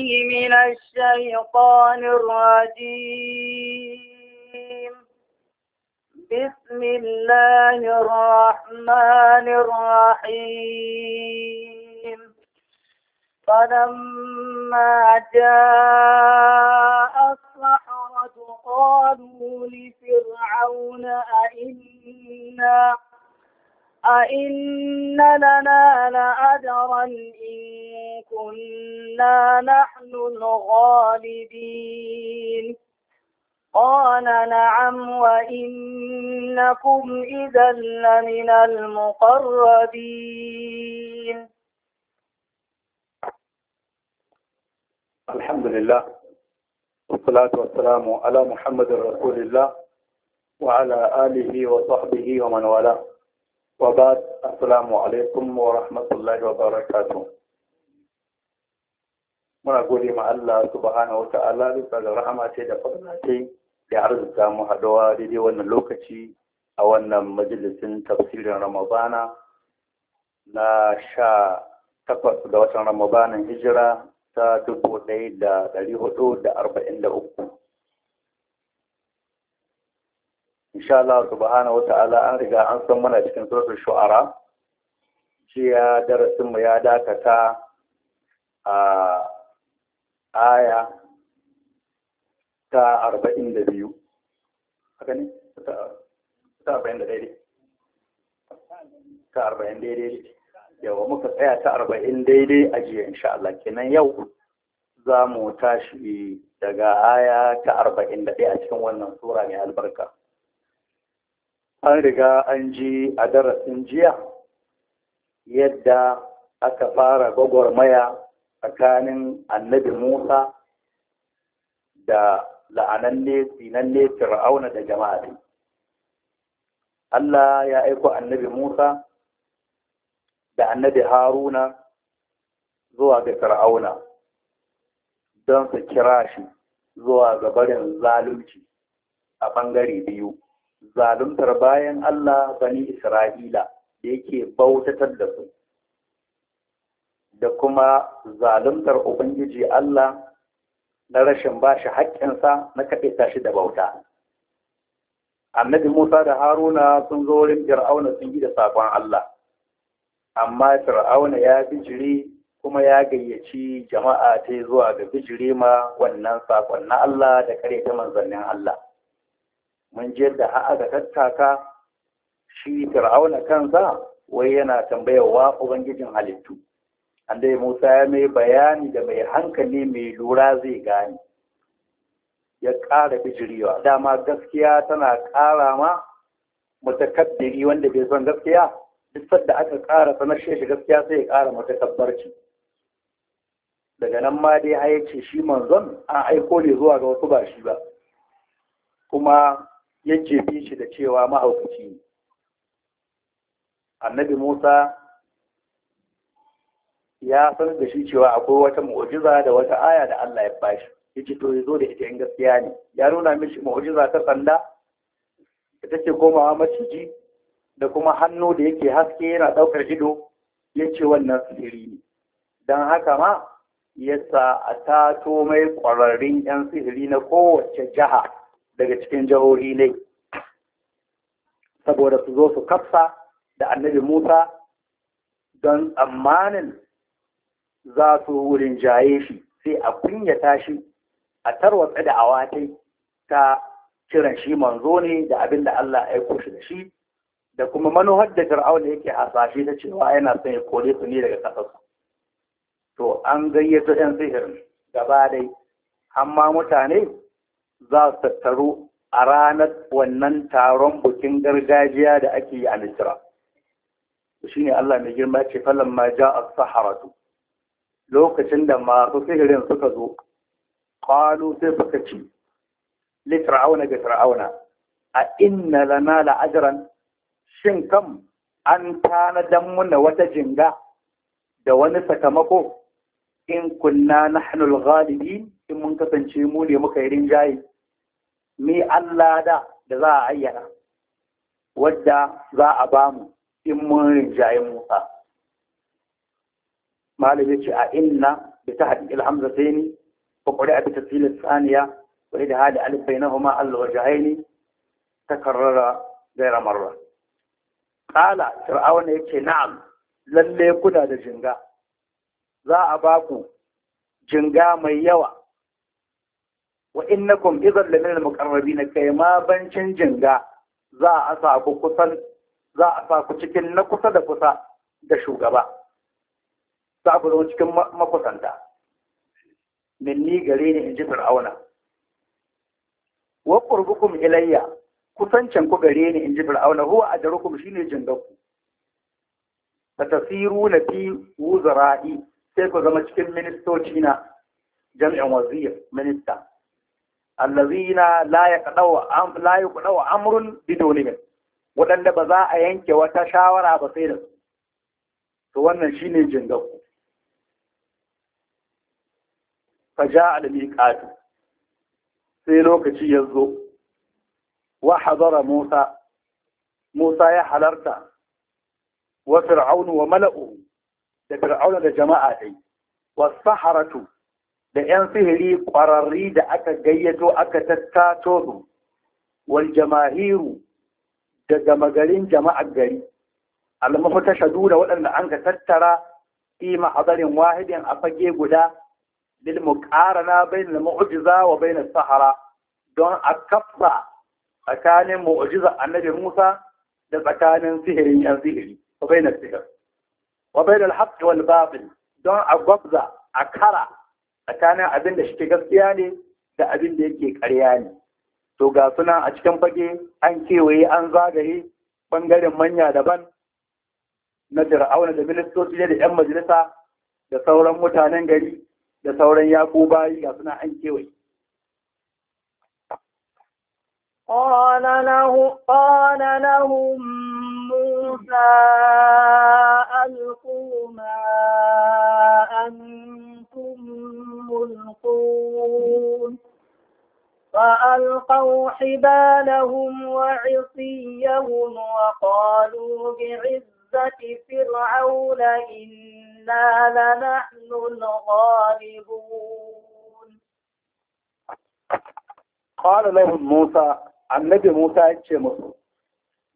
الله من الشيطان الرجيم بسم الله الرحمن الرحيم فلما جاء الصحرة قالوا لفرعون أئنا أئن لنا لأجرا إن كنا نحن الغالبين قال نعم وإنكم إذا لمن المقربين الحمد لله والصلاة والسلام على محمد رسول الله وعلى آله وصحبه ومن والاه وبعد السلام عليكم rahmatullahi الله وبركاته muna gode ma Allah subhanahu wa ta'ala bisa ga rahama ce da fadla ce da arzuta mu haɗuwa daidai wannan lokaci a wannan majalisin tafsirin Ramadana na sha takwas da watan Ramadanin hijira ta dubu ɗaya da ɗari hudu da arba'in da uku insha Allah subhanahu wa ta'ala an riga an san mana cikin suratul shu'ara shi ya darasin mu ya dakata a aya ta 42 haka ne ta 41 ta 40 daidai yawa muka tsaya ta 40 daidai a jiya insha Allah kenan yau za mu tashi daga aya ta 41 a cikin wannan sura mai albarka an riga an ji a darasin jiya yadda aka fara gwagwarmaya tsakanin annabi Musa da la'ananne sinanne fir'auna da jama'a Allah ya aiko annabi Musa da annabi Haruna zuwa ga fir'auna don su kira shi zuwa ga barin zalunci a ɓangare biyu. zaluntar bayan Allah bani Isra'ila da yake bautatar da su da kuma zaluntar Ubangiji Allah na rashin ba shi haƙƙinsa na kaɗaita shi da bauta. Annabi Musa da Haruna sun zo wurin Fir'auna sun yi da saƙon Allah, amma Fir'auna ya bijiri kuma ya gayyaci jama'a ta zuwa ga bijiri ma wannan saƙon na Allah da ta manzannin Allah. mun je da aka tattaka shi fir'auna kansa wai yana tambayarwa ubangijin halittu Andai Musa ya mai bayani da mai hankali mai lura zai gane ya ƙara bijirewa dama gaskiya tana ƙara ma mutakabbiri wanda bai son gaskiya duk sanda aka ƙara sanar shi gaskiya sai ya ƙara mutakabbarci daga nan ma dai a ce shi manzon an aiko ne zuwa ga wasu ba shi ba kuma ya jefe shi da cewa mahaukaci ne annabi musa ya san da shi cewa akwai wata mu'ujiza da wata aya da allah ya bashi ya ce to ya zo da ita in gaskiya ne ya nuna mishi mu'ujiza ta sanda da take komawa maciji da kuma hannu da yake haske yana ɗaukar ido ya ce wannan sihiri ne don haka ma ya sa a tato mai ƙwararrun 'yan sihiri na kowace jiha daga cikin jihohi ne saboda su zo su kafsa da annabi Musa don tsammanin za su wurin jaye shi sai a kunya tashi, a tarwatsa da awatai ta kiran shi manzo ne da abin da Allah ya aiko shi da shi da kuma manuhar da Fir'auna yake hasashe ta cewa yana son ya kore su ne daga kasarsu to an gayyato 'yan sihirin gaba dai amma mutane za su tattaru a ranar wannan taron bukin gargajiya da ake yi a Misra. Shi ne Allah mai girma ce falon ma ja a saharatu. Lokacin da masu sihirin suka zo, ƙwalo sai suka ci, litra'auna ga fir'auna, a inna lana la'ajiran, shin kam an tanadan muna wata jinga da wani sakamako in kunna na hannun galibi in mun kasance mu ne muka yi rinjaye. me Allah da da za a ayyana wadda za a ba mu in mun rinjaye Musa malam yace a inna bi tahdi al hamzatayn wa qari'a bi tafsil al thaniya wa idhad alif bainahuma al wajhayn takarrara ghayra Ƙala qala fir'aun yace na'am lalle kuna da jinga za a ba ku jinga mai yawa wa innakum idhan lamin al-muqarrabin kai ma bancin jinga za a sa ku kusan za a sa ku cikin na kusa da kusa da shugaba za ku zo cikin makusanta minni gare ni in ji fir'auna wa qurbukum ilayya kusancin ku gare ni in ji fir'auna huwa ajrukum shine jingaku na fi wuzara'i sai ku zama cikin ministoci na jami'an wazir minista allazina la yaqdaw am la amrun bidawlimin wadanda ba za a yanke wata shawara ba sai da su to wannan shine jingau faja al-miqat sai lokaci ya zo wa hadara Musa Musa ya halarta wa fir'aunu wa mala'u da fir'auna da jama'a dai wa saharatu da 'yan sihiri ƙwararri da aka gayyato aka tattato su wal jamahiru da gama garin jama'ar gari almafu ta shadu da waɗanda an ka tattara fi ma'azarin wahidin a fage guda lil muqarana bain na mu'jiza wa bain al sahara don a kafa tsakanin mu'jiza annabi Musa da tsakanin sihirin yan sihiri wa bain al sihir wa bain al haqq don a gwabza a kara tsakanin abin da shi gaskiya ne da abin da yake ƙarya ne to ga suna a cikin fage an kewaye an zagaye ɓangaren manya daban na fir'auna da ministoci da 'yan majalisa da sauran mutanen gari da sauran yaƙo bayi ga suna an kewaye قال قال لهم موسى ألقوا ما يلقون فألقوا حبالهم وعصيهم وقالوا بعزة فرعون إنا لنحن الغالبون قال لهم موسى النبي موسى اتشمر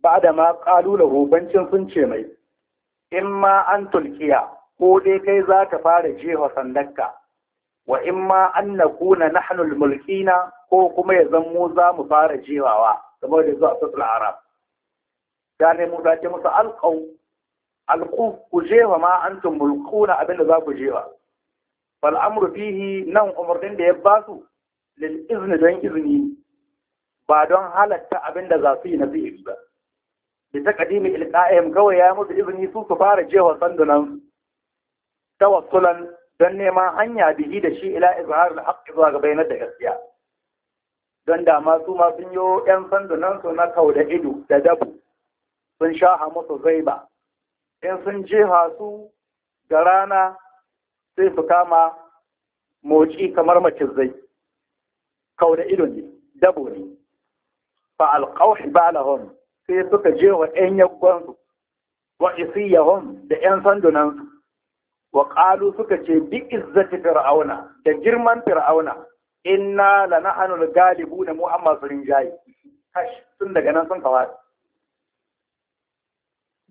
بعدما قالوا له بنشن سنشمي إما أن تلقيا قولي dai kai za ka wa in ma an na kuna nahnul mulkina ko kuma ya zan mu za mu fara jewawa kamar da zuwa sassul arab ta ne mu zace musu alƙau alƙu ku jewa ma an tun mulkuna abin da za ku jewa fal amru fihi nan umarnin da ya ba su lil izni don izini ba don halatta abin da za su yi na sihiri ba da ta kadimi ilqa'ihim kawai ya musu izini su su fara jewa sandunan tawassulan don neman hanya bihi da shi ila al haqqi zuwa ga bayanar da gaskiya don da ma su ma sun yo yan sandunan su na kauda ido da dabu sun shaha musu zaiba in sun jefa su ga rana sai su kama moci kamar macizai kauda ido ne dabo ne fa alqawhi balahum sai suka jefa yan yaggon su wa isiyahum da yan sandunan su wa qalu suka ce bi izzati fir'auna da girman fir'auna inna lanahnu al-galibuna mu amma surin jayi kash tun daga nan sun kawai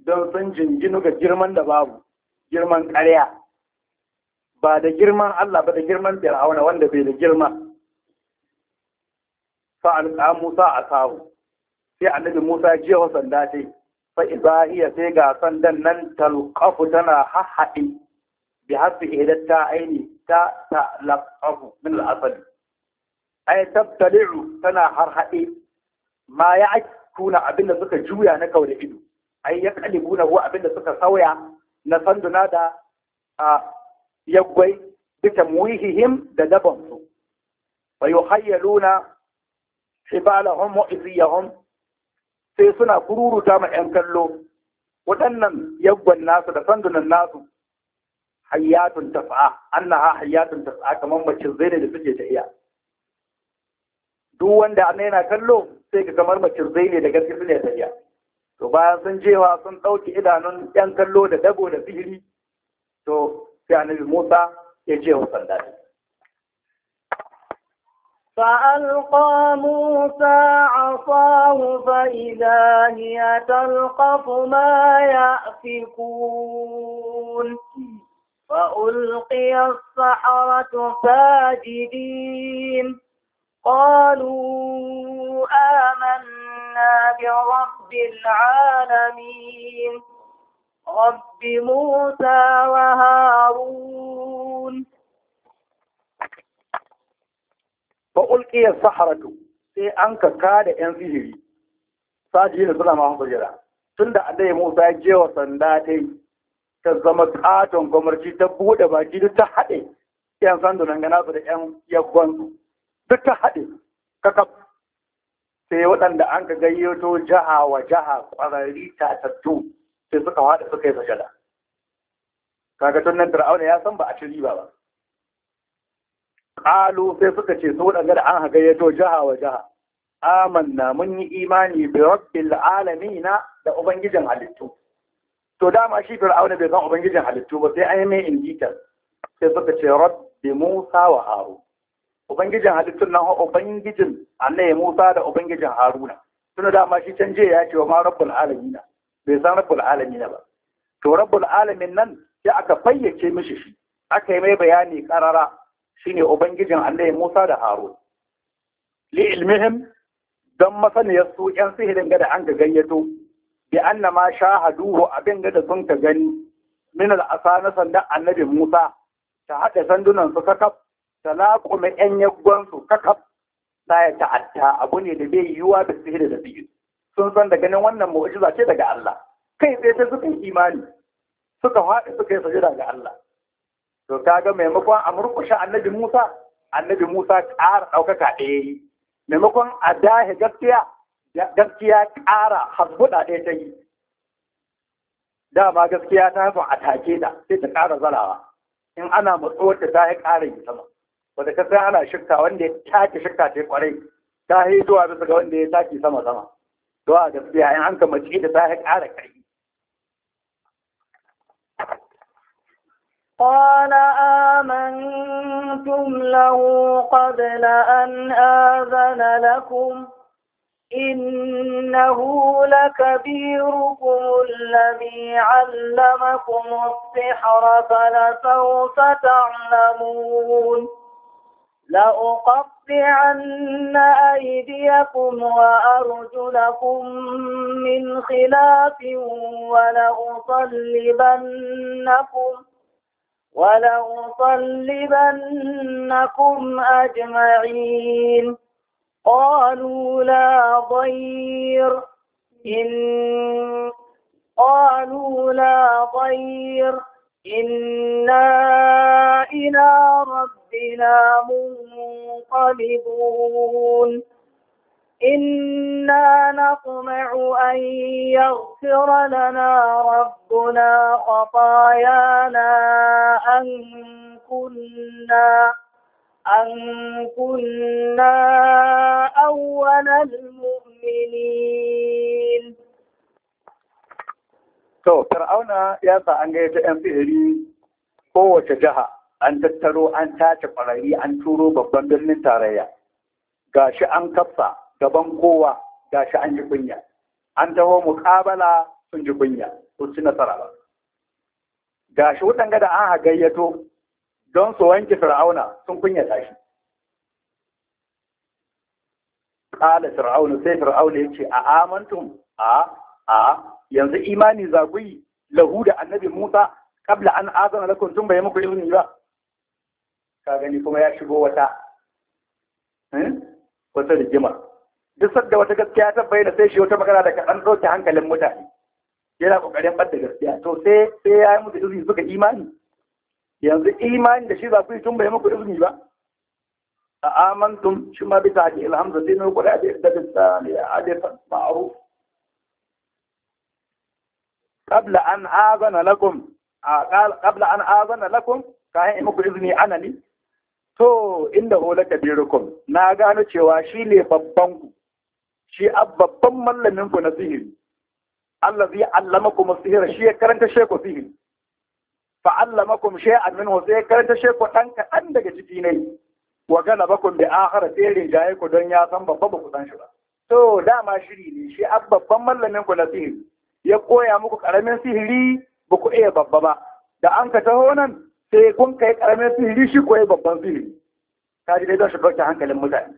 don sun jinjinu ga girman da babu girman ƙarya ba da girman Allah ba da girman fir'auna wanda bai da girma fa alqa Musa asahu sai annabi Musa jiya wa sanda Sai fa iya sai ga sandan nan talqafu tana hahhaɗi بحرف إهدى التاعين تا تلقه من الأصل أي تبتلع تنا حرحئي ما يعكون أبن سكا جويا نكو لإدو أي يقلبون هو أبن سكا سويا نصندنا دا يقوي بتمويههم ددبهم ويخيلون حبالهم وإذيهم sai suna kururu ta ma ‘yan kallo waɗannan yaggon nasu da sandunan nasu hayyatun tafa'a annaha hayyatun tafa'a kamar mace zai da suke ta iya duk wanda an yana kallo sai ka kamar mace zai ne da gaske sune ta iya to bayan sun jewa sun ɗauki idanun yan kallo da dago da sihiri to sai annabi Musa ya je wa sanda فألقى موسى عصاه فإذا هي تلقف ما يأفكون فألقي السحرة ساجدين قالوا آمنا برب العالمين رب موسى وهارون فألقي السحرة sai an ka kada 'yan sihiri sajiyar suna masu jira, tun da adai musa jewa sanda ta yi ta zama katon gwamnati ta buɗe baki duk ta haɗe yan sandu nan gana su da yan yaggon duk ta haɗe kakaf sai waɗanda an ka gayyato jaha wa jaha ƙwararri tatattu sai suka haɗa suka yi sajada kaga tun nan fir'auna ya san ba a ci riba ba ƙalu sai suka ce su waɗanda an ka gayyato jaha wa jaha amanna mun yi imani bi rabbil alamina da ubangijin halittu to dama shi fir'auna bai san ubangijin halittu ba sai an yi mai indikar sai suka ce rabbi musa wa haru ubangijin halittun nan ubangijin annabi musa da ubangijin haruna tuna dama shi can je ya ce wa ma rabbul alamina bai san rabbul alamina ba to rabbul alamin nan ya aka fayyace mishi shi aka yi mai bayani karara shine ubangijin annabi musa da haruna li ilmihim don masaniyar su 'yan sihirin gada an ga gayyato bi anna ma shahaduhu abin da sun ka gani min al na sandan annabi Musa ta haɗa sandunan su kakaf ta laƙume ƴan yaggon su kakaf la ya ta'atta abu ne da bai yiwuwa da sihiri da biyu sun san da ganin wannan mu'jiza ce daga Allah kai sai sai suka yi imani suka haɗa suka yi sajida ga Allah to kaga maimakon a murƙushe annabi Musa annabi Musa ƙara ɗaukaka ɗaya yi maimakon a dahe gaskiya gaskiya ƙara hasbuɗa ɗaya ta yi dama gaskiya ta haifar a take da sai ta ƙara zalawa in ana matso ta ta yi ƙara yi sama wanda ka sai ana shirka wanda ya take shirka yi kwarai ta yi zuwa bisa ga wanda ya take sama sama to a gaskiya in an ka mace da ta yi ƙara ƙarfi قال آمنتم له قبل أن آذن لكم إنه لكبيركم الذي علمكم السحر فلسوف تعلمون لأقطعن أيديكم وأرجلكم من خلاف ولأصلبنكم ولأصلبنكم أجمعين قالوا لا ضير إن قالوا لا ضير إنا إلى ربنا منقلبون إنا نطمع أن يغفر لنا ربنا خطايانا أن كنا أن كنا أول المؤمنين To, Fir'auna ya sa an gaita ‘yan bihiri kowace jiha, an tattaro, an tace ƙwararri, an turo babban birnin tarayya. Ga shi an kafa gaban kowa, ga shi an ji kunya. An taho muƙabala sun ji kunya, sun ci nasara ba. Ga shi waɗanga da an gayyato don su wanke fir'auna sun kunya shi ƙala fir'auna sai fir'auna ce a amantum a a yanzu imani zagui lahu da annabi Musa kabla an azana lakum tun bai muku izini ba ka gani kuma ya shigo wata hmm, wata rigima duk sadda wata gaskiya ta bayyana sai shi wata magana da kaɗan ɗauke hankalin mutane yana ƙoƙarin ɓadda gaskiya to sai sai ya yi musu izini suka imani yanzu imani da shi za ku yi tun bai muku izini ba a amantum shi ma bisa ake ilhamza sai na kwarai da yadda bisa ne a adeta ma'aru qabla an azana lakum qabla an azana lakum kayan in izini ana ni to inda hola kabirukum na gano cewa shi ne babban ku shi babban mallamin ku na sihiri allazi kuma sihira shi ya karanta sheku sihiri fa'allamakum shay'an minhu sai karanta she ku ɗan kaɗan daga ciki ne wa galabakum bi akhara sai rinjaye ku don ya san babba ba ku san shi ba to dama shiri ne shi babban mallamin ku na sihiri ya koya muku karamin sihiri ba ku iya babba ba da an ka taho nan sai kun kai karamin sihiri shi koyi babban sihiri ka ji dai don shi ɗauke hankalin mutane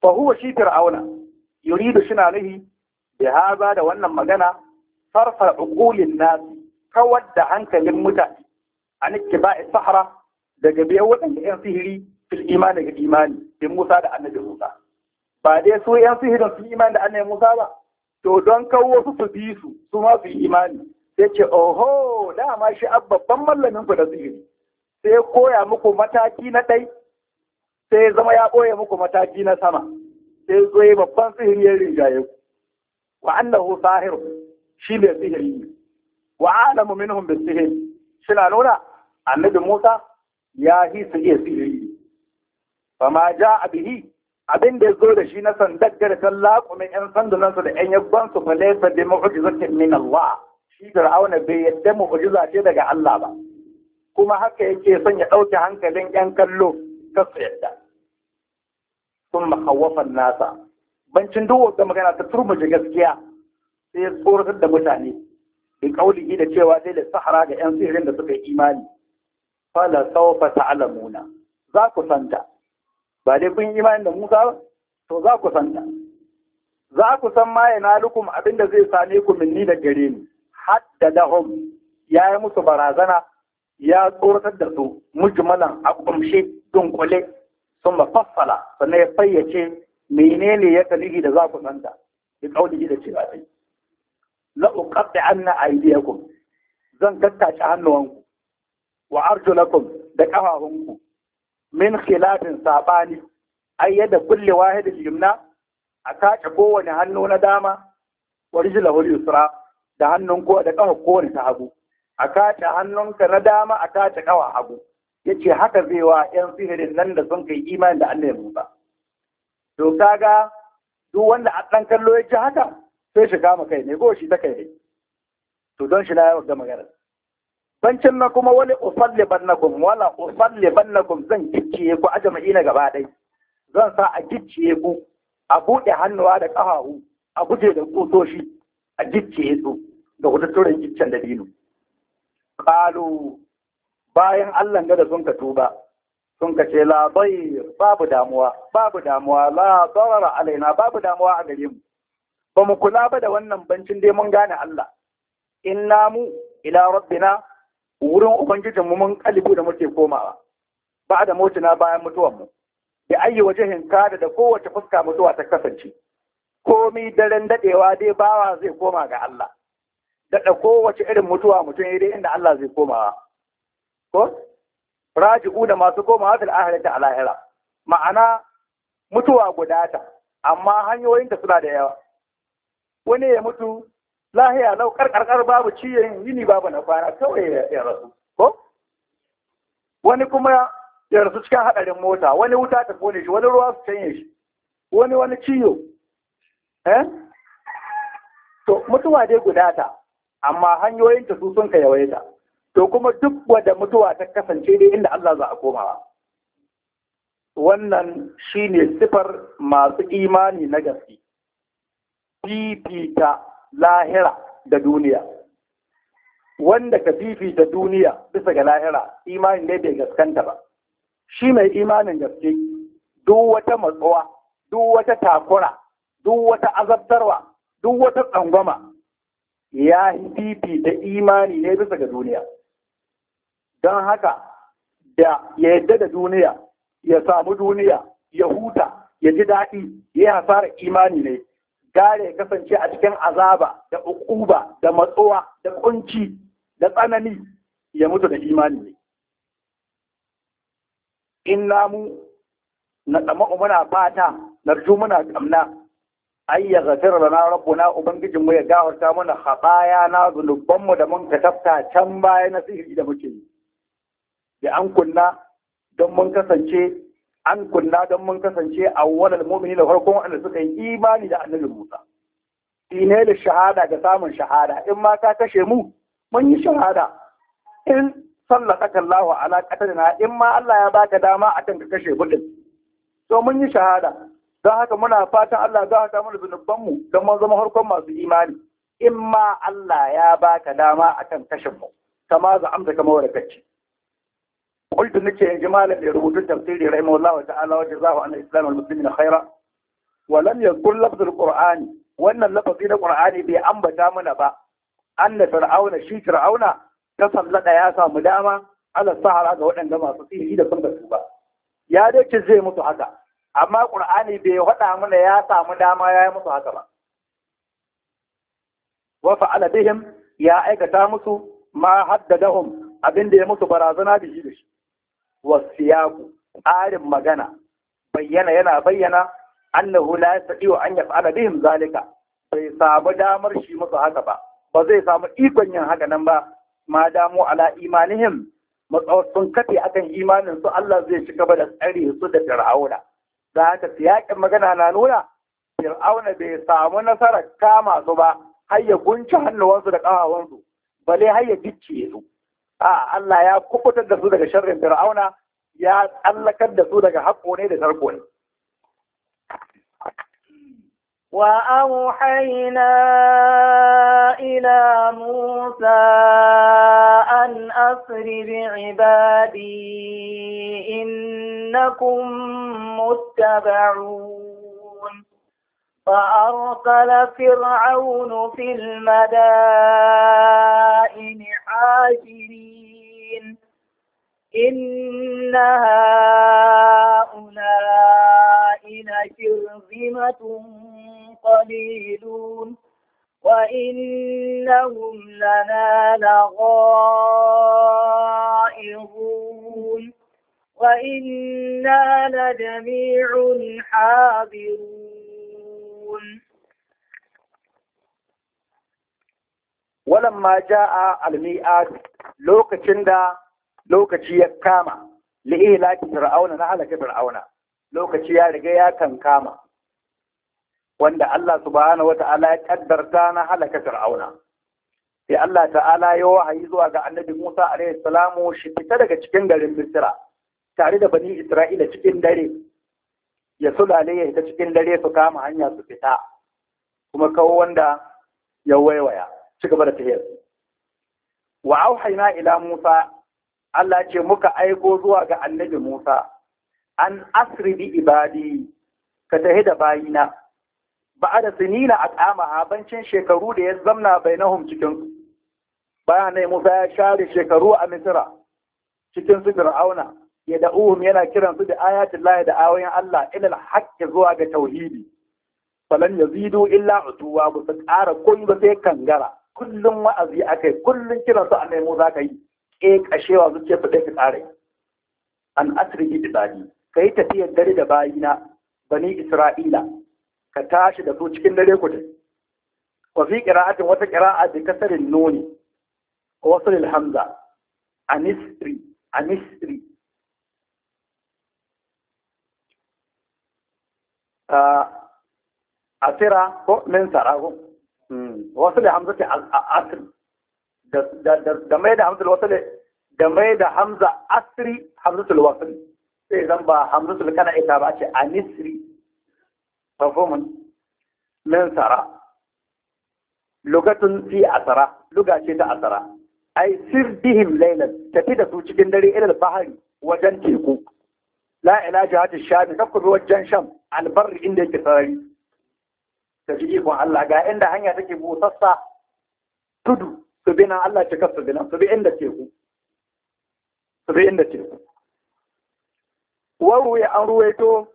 fa huwa shi fir'auna yuridu na nahi bi haza da wannan magana farfa uqulin nas kawar da hankalin mutane a ba a sahara daga biyan waɗanda 'yan sihiri fil imani daga imani in Musa da annabi Musa ba dai su 'yan sihirin sun imani da annabi Musa ba to don kawo su su bi su su ma su imani sai ce oho dama shi babban mallamin ku da sihiri sai koya muku mataki na ɗai sai zama ya ɓoye muku mataki na sama sai zo babban sihiri ya rinjaye ku wa annahu sahiru, shi ne sihiri ne wa alamu minhum bisihir suna nuna annabi Musa ya yi su iya sihiri fa ma ja'a bihi abin da zo da shi na sandakka da tallaku min yan sandunansu da yan yabban su fa laifa da mu'jizatin min Allah shi Fir'auna bai yadda mu'jiza ce daga Allah ba kuma haka yake son ya ɗauke hankalin yan kallo ta su yadda sun mahawafan nasa bancin duk da magana ta turmuje gaskiya sai ya tsoratar da mutane bi kaulihi da cewa dai da sahara ga yan sirrin da suka yi imani fala sawfa ta'lamuna za ku santa ba dai kun yi imani da Musa ba to za ku santa za ku san ma yanalukum abinda zai same ku min ni da gare ni haddadahum ya yi musu barazana ya tsoratar da su mujmalan a kumshe dunkule sun ba fassala sannan ya fayyace menene ya kalihi da za ku santa da kaulihi da cewa dai la uqatta anna aydiyakum zan tattace hannuwanku wa arjulakum da kafafunku min khilafin sabani ay yadda kulli da yumna a kace kowane hannu na dama wa rijlahu yusra da hannun ko da kafa kowane ta hagu a kace hannunka na dama a kace kawa hagu yace haka zai wa yan sihirin nan da sun kai imani da Allah ya musa to kaga duk wanda a dan kallo ya ci haka sai shiga ma kai ne goshi ta kai ne to don shi na yawar da magana bancin na kuma wani usalli bannakum wala usalli bannakum zan gicciye ku ajama'i na gaba ɗai zan sa a gicciye ku a buɗe hannuwa da ƙafafu a guje da kusoshi a gicciye su da wata turin giccen da dinu ƙalu bayan Allah ga da sun ka tuba sun ka ce labai babu damuwa babu damuwa la darara alaina babu damuwa a gare mu ba mu kula ba da wannan bancin dai mun gane Allah in namu ila rabbina wurin ubangijin mu mun kalibu da muke komawa ba da mutuna bayan mutuwan mu da waje wajen kada da kowace fuska mutuwa ta kasance komai daren daɗewa dai bawa zai koma ga Allah daɗa kowace irin mutuwa mutum ya dai inda Allah zai komawa ko raji'u da masu komawa fil ahirati a ma'ana mutuwa guda ta amma hanyoyinta suna da yawa wani ya mutu lahiya lau karkarkar babu ciyen yini babu na kwana kawai ya rasu ko wani kuma ya rasu cikin haɗarin mota wani wuta ta kone shi wani ruwa su canye shi wani wani ciyo eh to mutuwa dai guda amma hanyoyin ta su sun ka yawaita to kuma duk wanda mutuwa ta kasance dai inda Allah za a komawa wannan shine sifar masu imani na gaske fifita lahira da duniya wanda ka fifita duniya bisa ga lahira imanin dai bai gaskanta ba shi mai imanin gaske duk wata matsuwa duk wata takura duk wata azabtarwa duk wata tsangwama ya fifita imani ne bisa ga duniya don haka da ya yadda da duniya ya samu duniya ya huta ya ji daɗi ya hasara imani ne gare kasance a cikin azaba da ukuba da matsuwa da kunci da tsanani ya mutu da imani ne in namu na tsama'u muna fata narju muna kamna ai ya zafira lana rabbuna ubangijin mu ya gafarta mana haɓaya na zunuban da mun kasafta can baya na sihiri da muke yi da an kunna don mun kasance an kunna don mun kasance a walal mu'mini da farkon wanda suka yi imani da annabi Musa ine da shahada ga samun shahada in ma ka kashe mu mun yi shahada in sallaka Allahu ala qatalina in ma Allah ya baka dama akan ka kashe mu to mun yi shahada don haka muna fatan Allah za ta mana zunuban mu don mun zama harkon masu imani in ma Allah ya baka dama akan kashe mu kama za amsa kama wadda قلت نكي إن جمالا يربط التفسير رحمه الله تعالى وجزاه عن الإسلام والمسلمين خيرا ولم يذكر لفظ القرآن وأن اللفظ هنا القرآن بأنبت من با أن فرعون شي فرعون تصل لنا يا سام داما على السهرة وأن جماعة تصير إذا كنت ba. ya dai ce zai mutu haka amma qur'ani bai faɗa mana ya samu dama ya yi musu haka ba wa fa'ala bihim ya aikata musu ma haddadahum abin da ya musu barazana da shi da shi wasiyaku tsarin magana bayyana yana bayyana annahu la yastati'u an yaf'ala bihim zalika bai samu damar shi musu haka ba ba zai samu ikon yin haka nan ba ma damu ala imanihim matsawar kafe akan imanin su Allah zai ci gaba da tsare su da fir'auna da haka siyakin magana na nuna fir'auna bai samu nasarar kama su ba har ya gunci hannuwansu da ƙawawansu bale har ya gicciye su a Allah ya kubutar da su daga sharrin fir'auna ya tsallakar da su daga haƙo ne da sarko ne وأوحينا musa موسى أن أسر بعبادي إنكم متبعون فأرسل فرعون في المدائن حاشرين إن هؤلاء لشرذمة قليلون وإنهم لنا لغائظون وإنا لجميع حاضرون ولما جاء الميعاد لوكacin da lokaci ya kama li'ilaki fir'auna na halaka fir'auna lokaci ya riga ya kan kama wanda Allah subhanahu wata'ala ya kaddarta na halaka fir'auna sai Allah ta'ala ya wahayi zuwa ga annabi Musa alaihi salamu daga cikin garin Misra tare da bani Isra'ila cikin dare ya sulale ya ita cikin dare su kama hanya su fita kuma kawo wanda ya waiwaya ci gaba da tahiyar wa auhayna ila Musa Allah ce muka aiko zuwa ga annabi Musa an asri bi ibadi ka tahi da bayina ba'ada sinina aqama bancin shekaru da ya zamna bainahum cikin su ne Musa ya share shekaru a Misra cikin su Fir'auna ya da da'uhum yana kiran su da ayatul lahi da ayoyin Allah ilal haƙƙi zuwa ga tauhidi falan yazidu illa utuwa ba su ƙara kun ba sai kangara kullum wa'azi akai kullum kiran su annai mu zaka yi kashewa su ce fade tsare an asrigi da bani kai tafiyar dare da bayina bani Isra'ila ka tashi da su cikin dare ku dai wa fi qira'atin wata qira'a bi kasarin nuni wa wasl hamza anisri anisri asira ko min sarago wasu da hamza ta asiri. da mai da hamza wasu da mai da hamza asiri hamza tul wasu sai zan ba hamza tul kana ita ba ce anisri mafhumun min sara lugatun fi asara luga ce ta asara ai sir bihim lailan tafi da su cikin dare ilal bahari wajen teku la ilaha illa shami kakku wajen sham albarri inda yake sarari Da ji ikon Allah ga inda hanya take busassa tudu su bi nan Allah ce su bi nan su bi inda teku su bi inda teku ya an ruwaito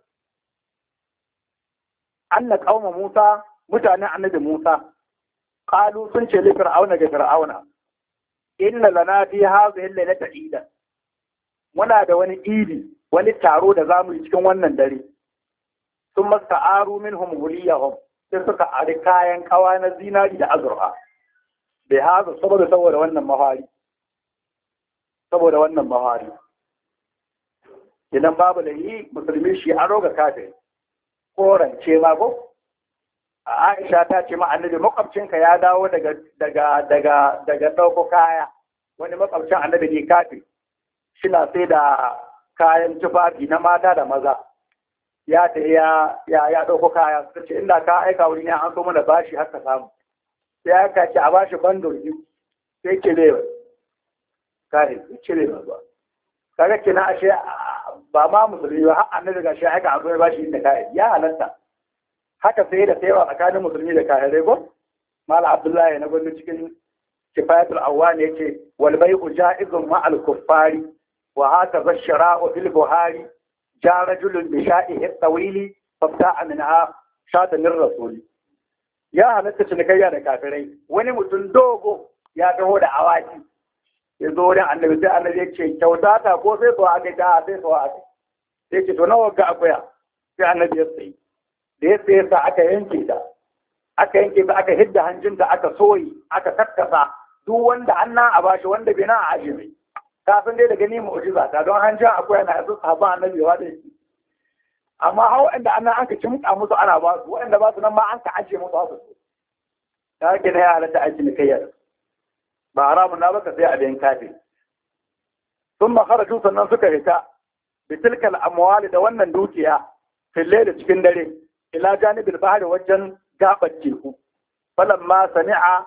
anna qauma Musa mutanen annabi Musa qalu sun ce li fir'auna ga fir'auna inna lana fi hadhihi al-lailati ida muna da wani idi wani taro da zamu yi cikin wannan dare sun masta aru min hom. sai suka ari kayan kawa na zinari da azurfa bai haza saboda saboda wannan mahari saboda wannan mahari idan babu da yi musulmi shi aro ga kafin korance ma ko a aisha ta ce ma annabi makwabcinka ya dawo daga daga daga daga kaya wani makwabcin annabi ne kafin na sai da kayan tufafi na mata da maza ya ta ya ya ya dauko kaya ta ce inda ka aika wuri ne an so mana bashi har ka samu sai ka ce a bashi bandol biyu sai ke lewa kare ce lewa ba kaga na ashe ba ma musulmi ba har annabi ga shi ya an so ya bashi inda kaya ya halatta haka sai da sai tsakanin musulmi da dai ko Malam abdullahi na gwamnati cikin kifayatul awwani ne wal bai'u ja'izun ma al kuffari wa haka bashara fil buhari ja rajulun bi sha'ihi tawili fabta'a a shadanin rasuli ya halatta cinikayya da kafirai wani mutum dogo ya taho da awaki ya zo wurin annabi sai annabi ya ce kyauta ko sai tsawa aka ta sai sai ce to nawa ga akuya sai annabi ya tsaye da ya tsaye sa aka yanke ta aka yanke ta aka hidda hanjin da aka soyi aka tattasa duk wanda an na a bashi wanda bai a aje mai kafin dai da gani mu'jiza ta don an ja akwai yana yanzu sahaba annabi wa da yake amma hau inda ana an ka cimta musu ana ba su wanda ba su nan ma an ka aje musu haka ta ke na yaran ajiye aji kayyar ba haramun na baka sai a bayan kafi sun ma kharaju sannan suka hita bitilkal amwali da wannan dukiya fille da cikin dare ila janibil bahri wajen gabar teku falamma sami'a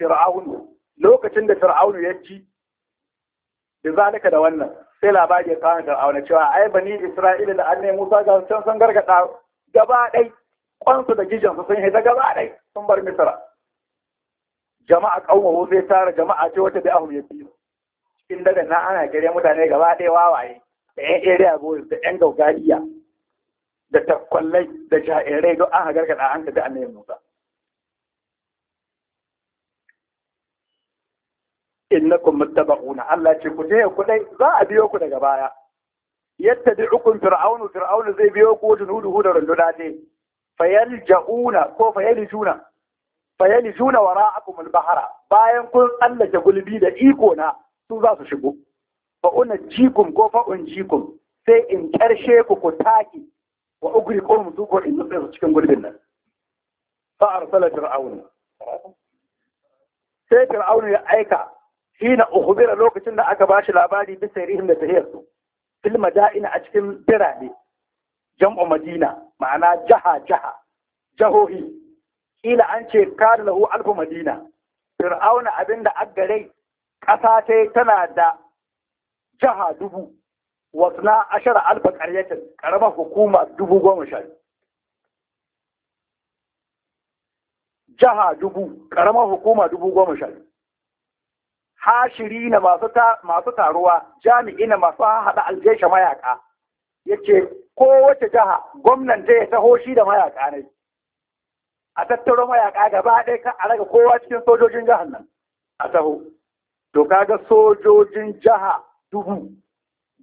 fir'aunu lokacin da fir'aunu ya ci da zalika da wannan sai labari ya kawo da auna cewa ai bani isra'ila da annai musa ga can sun gargada gaba ɗai kwansu da gijinsu sun yi hita gaba ɗai sun bar misra jama'a wo sai tara jama'a ce wata bai ahum ya biyu. cikin daga na ana kire mutane gaba ɗaya wawaye da yan area go da yan gaugariya da takwallai da ja'irai don an gargada an da annai musa innakum muttabaquna Allah ce ku je ku dai za a biyo ku daga baya yattabi'ukum fir'aunu fir'aunu zai biyo ku junuduhu da runduna ne fayalja'una ko fayaljuna fayaljuna wara'akum al-bahra bayan kun tsallake gulbi da iko na su za su shigo fa unjikum ko fa unjikum sai in karshe ku ku taki wa ugri qawm su ko in su cikin gulbin nan fa arsala fir'aunu sai fir'aunu ya aika hina ukhbira lokacin da aka bashi labari bi sayrihim da tahiyarsu fil madaina a cikin birane jam'u madina ma'ana jaha jaha jahohi kila an ce kada lahu alfu madina fir'auna abinda Aggarai ƙasa ta tana da jaha dubu wasu na ashara alfa ƙaryatin ƙaramar hukuma dubu goma sha jaha dubu hukuma dubu goma sha biyu hashiri na masu taruwa jami'i na masu haɗa aljesha mayaka ya ce kowace jiha gwamnan ta ya taho shi da mayaka ne a tattaro mayaka gaba ɗaya ka a raga kowa cikin sojojin jihar nan a taho to kaga sojojin jiha dubu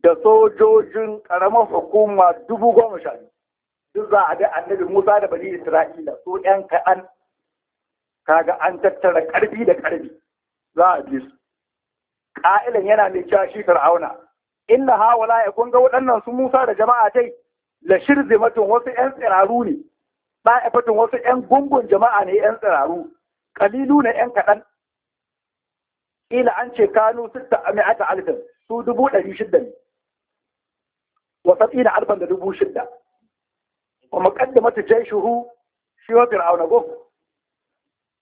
da sojojin ƙaramar hukuma dubu goma sha duk za a ga annabi musa da bani isra'ila su ƴan kaɗan kaga an tattara ƙarfi da ƙarfi za a bi su ƙa'ilin yana mai cewa shi fir'auna inna hawala ya kunga waɗannan su musa da jama'a dai la shirzimatun wasu ƴan tsiraru ne ɗa'ifatun wasu ƴan gungun jama'a ne ƴan tsiraru ƙalilu na ƴan kaɗan ila an ce kanu sitta mi'ata alfin su dubu ɗari shidda ne wa sab'ina alfan da dubu shidda wa muqaddamatu jayshuhu shi wa fir'auna go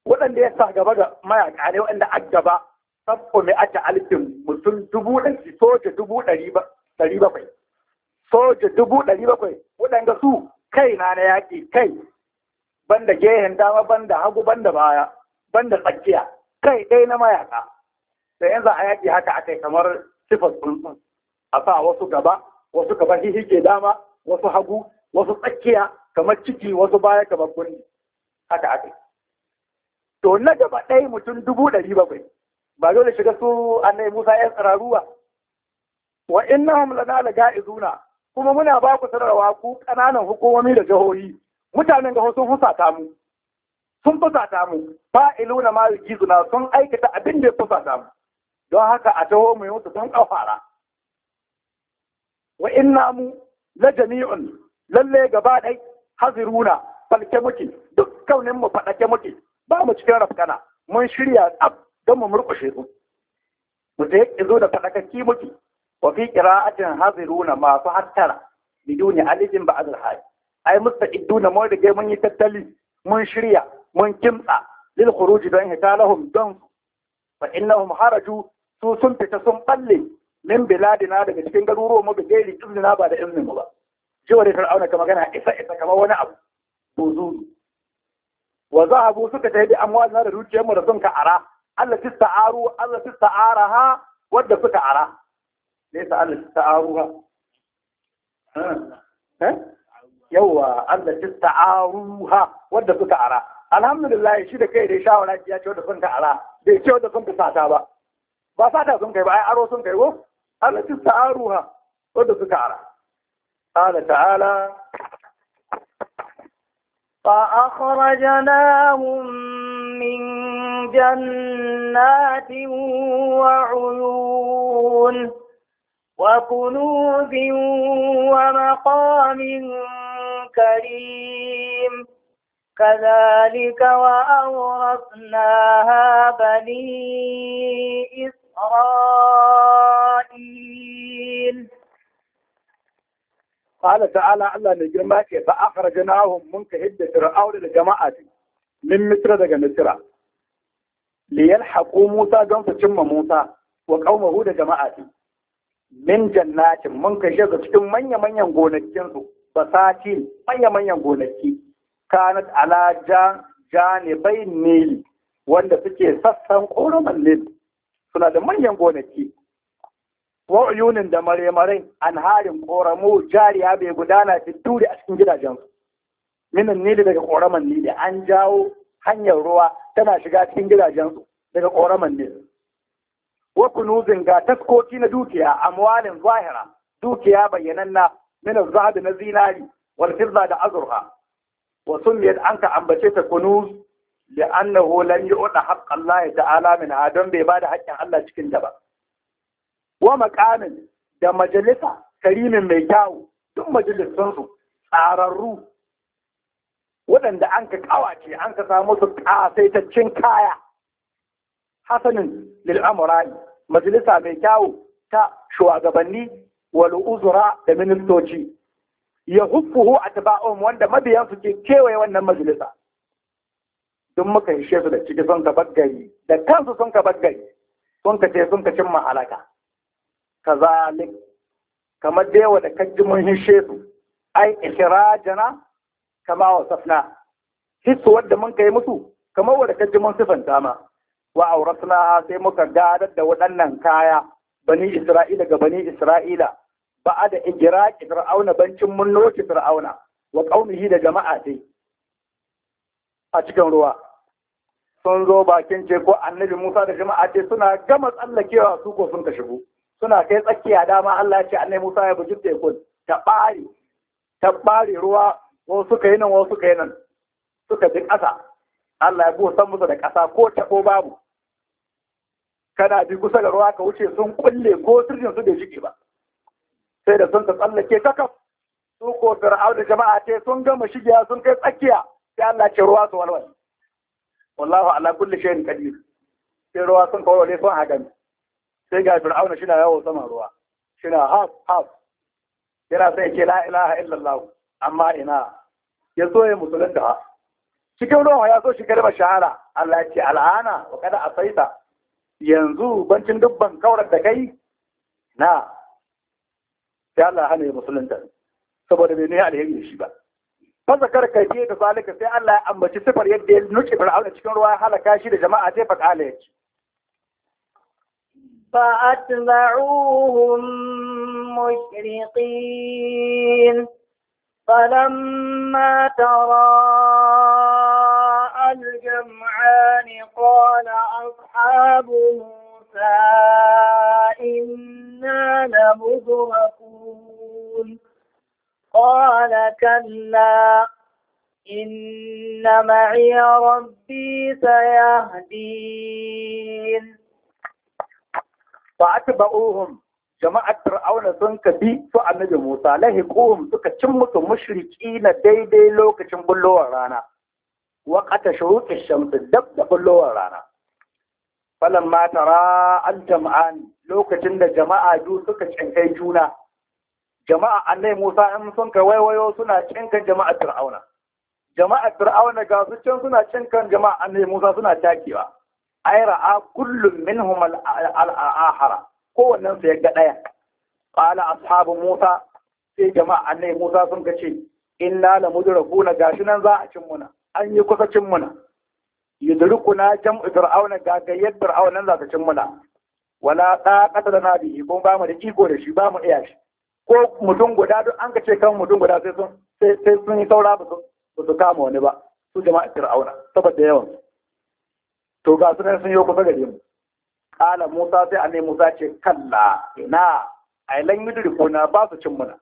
waɗanda ya sa gaba ga mayaƙa ne waɗanda a gaba sabko mai ata alfin mutum dubu ɗari soja dubu ɗari bakwai soja dubu ɗari bakwai waɗanda su kai na na yaƙi kai banda gehen dama banda hagu banda baya banda tsakiya kai ɗai na mayaka da yanzu a yaƙi haka aka yi kamar sifar tsuntsun a sa wasu gaba wasu gaba hihike dama wasu hagu wasu tsakiya kamar ciki wasu baya kamar kunni haka aka yi to na gaba ɗaya mutum dubu ɗari bakwai ba dole shiga su annai Musa ya tsararuwa wa innahum lana laga'izuna kuma muna ba ku sararwa ku ƙananan hukumomi da jihohi mutanen gaho sun fusata mu sun fusata mu fa'iluna ma yujizuna sun aikata abin da ya fusata mu don haka a taho mu yau don kafara wa inna mu la jami'un lalle gaba dai haziruna falke muke duk kaunin mu fadake muke ba mu cikin rafkana mun shirya tsab don mu murƙushe su mu da yake zo da fadakakki muke wa fi qira'atin haziruna masu hattara ne alijin ba azal hali ai mustaqiduna mun riga mun yi tattali mun shirya mun kimtsa lil khuruj don hitalahum don fa innahum haraju su sun fita sun balle min biladina daga cikin garuruwan mu bigairi iznina ba da iznin mu ba cewa da fir'auna ka magana isa isa kamar wani abu to zuru wa zahabu suka tafi amwalina da dukiyar mu da sun ka ara ألا تستعاروا ألا تستعارها ودى فتعرى ليس ألا تستعاروها ها يو يوا ألا تستعاروها ودى فتعرى الحمد لله شو دكاي ريشا ولا جيا شو دكون تعرى دي شو دكون تساتا با بساتا كي باي أرو سون كي هو ألا تستعاروها ودى فتعرى قال تعالى فأخرجناهم جنات وعيون وكنوز ومقام كريم كذلك وأورثناها بني إسرائيل قال تعالى الله نجمعك فأخرجناهم من كهدة فرعون الجماعة من مصر دقا مصر liyal haƙo Musa don su cimma Musa wa ƙaumahu da jama'a min jannatin mun kashe ga cikin manya-manyan gonakinsu basati manya-manyan gonaki kanat ala janibai nil wanda suke sassan ƙoraman nil suna da manyan gonaki wa uyunin da an anharin koramu jariya bai gudana fituri a cikin gidajensu minan nili daga ƙoraman nili an jawo hanyar ruwa tana shiga cikin gidajensu daga ƙoraman ne wa nuzin ga taskoki na dukiya a muwalin zahira dukiya bayyananna mina zahabi na zinari wal firza da azurha ne an ka ambace ta kunu, kunuz li annahu lam yu'ta haqq Allah ta'ala min don bai ba da haƙƙin Allah cikin da ba wa maƙamin da majalisa karimin mai kyawu duk majalisansu tsararru waɗanda an ka kawace an ka samu su ƙasaitaccen kaya hasanin lil'amurai majalisa mai kyawu ta shugabanni wani uzura da ministoci ya huffuhu a taba'un wanda su ke kewaye wannan majalisa duk muka yi su da ciki sun ka baggari da kansu sun ka baggari sun ka ce sun ka cimma halaka kazalik kamar dewa da kajji mun hishe su ai ikhrajana kama wa safna hissu wadda mun kai musu kamar wadda ka ji mun sifanta ma wa auratna sai muka gadar da wadannan kaya bani isra'ila ga bani isra'ila ba'a da ijraqi fir'auna bancin mun noki fir'auna wa qaumihi da jama'a ce a cikin ruwa sun zo bakin ce ko annabi Musa da jama'a ce suna gama tsallakewa su ko sun ka shigo suna kai tsakiya dama Allah ya ce annabi Musa ya buji tekun ta bare ta bare ruwa wasu suka yi nan wasu suka yi nan suka ji ƙasa Allah ya buwa san musu da ƙasa ko ko babu kana bi kusa da ruwa ka wuce sun kulle ko sirrin su bai shige ba sai da sun ta tsallake kaf su ko da jama'a ce sun gama shigiya sun kai tsakiya sai Allah ce ruwa su walwale wallahu ala kulli shay'in qadir sai ruwa sun kawo ne sun hagan sai ga fir'auna shi na yawo sama ruwa shi na haf haf yana sai ke la ilaha illallah amma ina ya so ya musulunta cikin ruwan ya so shi kalmar shahara Allah ce al'ana wa kada a saita. yanzu bancin dubban kaurar da kai na sai Allah hana ya da saboda bai ne alheri shi ba fazakar kaifiye da salika sai Allah ya ambaci sifar yadda ya nuke fir'auna cikin ruwa ya halaka shi da jama'a ta faɗa ya ci فأتبعوهم مشرقين فلما ترى الجمعان قال أصحاب موسى إنا لمدركون قال كلا إن معي ربي سيهدين فأتبعوهم jama'ar fir'auna sun bi su annabi musa lahiquhum suka cin musu mushriki na daidai lokacin bullowar rana wa qata shuruqi shamsi dab da bullowar rana ma tara al jam'an lokacin da jama'a du suka cinkai juna jama'a annabi musa in sun ka waiwayo suna cinkan jama'a fir'auna jama'a fir'auna ga su can suna cinkan jama'a annabi musa suna takewa ai ra'a kullum minhum al ahara kowannen su ya ga ɗaya qala ashabu musa sai jama'a annai musa sun ka ce inna la mudrakuna gashi nan za a cin muna an yi kusa cin muna yudrikuna jam'u fir'auna ga gayyar nan za ta cin muna wala da na bihi ko ba mu da iko da shi ba mu iya shi ko mutum guda duk an ka ce kan mutum guda sai sun sai sun yi saura ba su kama wani ba su jama'a fir'auna saboda yawan to ga sunan sun yi kusa gare mu Ƙala Musa sai annai Musa ce kalla ina a lan yudri ko na ba su cin muna.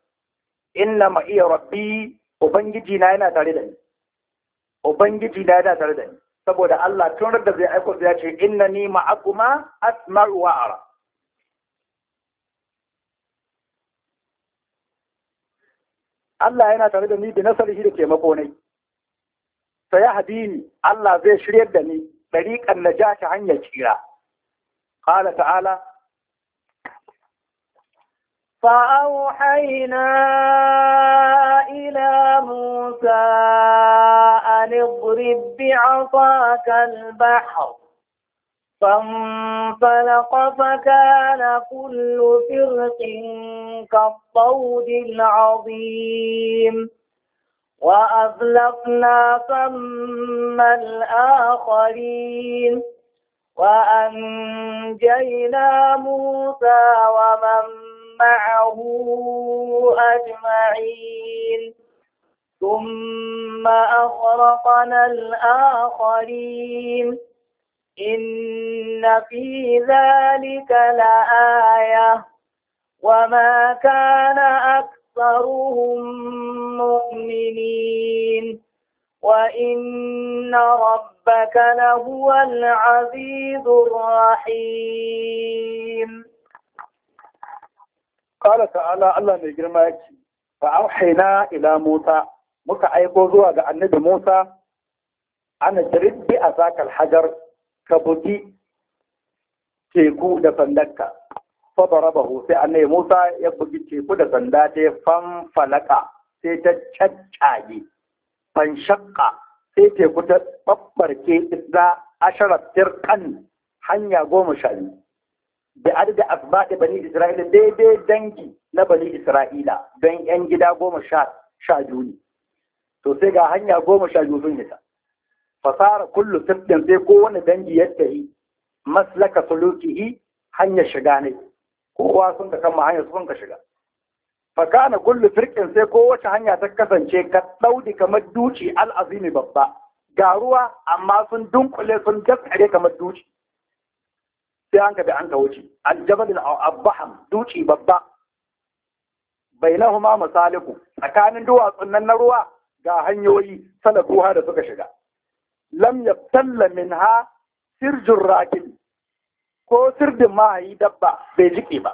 Inna ma iya rabbi Ubangiji na yana tare da ni. Ubangiji na yana tare da ni. Saboda Allah tun da zai aiko ya ce inna ni ma'akuma asma'u wa ara. Allah yana tare da ni bi nasarihi da taimako ne. Sai ya hadini Allah zai shiryar da ni ɗariƙan na ja shi hanyar tsira. قال تعالى فأوحينا إلى موسى أن اضرب بعصاك البحر فانفلق فكان كل فرق كالطود العظيم وأغلقنا ثم الآخرين وأنجينا موسى ومن معه أجمعين ثم أغرقنا الآخرين إن في ذلك لآية وما كان أكثرهم مؤمنين وإن رب ربك لهو العزيز الرحيم قال تعالى الله mai girma yake fa auhayna ila Musa muka aiko zuwa ga annabi Musa ana jirib bi azakal hajar ka bugi teku da sandarka fa darabahu sai annabi Musa ya bugi teku da sanda ta fan falaka sai ta caccage fan shakka sai teku ta ɓaɓɓarke a asharar kan hanya goma sha biyu da adada asbaɗi bani isra'ila daidai dangi na bani isra'ila don yan gida goma sha biyu ne to sai ga hanya goma sha biyu sun nisa fasara kullu siftin sai kowane dangi ya yi maslaka sulukihi hanyar shiga ne kowa sun ka kama hanyar sun ka shiga fakana kullu firqin sai kowace hanya ta kasance ka daudi kamar duci al'azimi babba ga ruwa amma sun dunkule sun daskare kamar duci sai an bi an ka wuce aljabal al-abham duci babba bainahuma masaliku tsakanin duwatsun nan na ruwa ga hanyoyi sanaduha da suka shiga lam yabtalla minha sirjur rakin ko sirdin mahayi dabba bai jike ba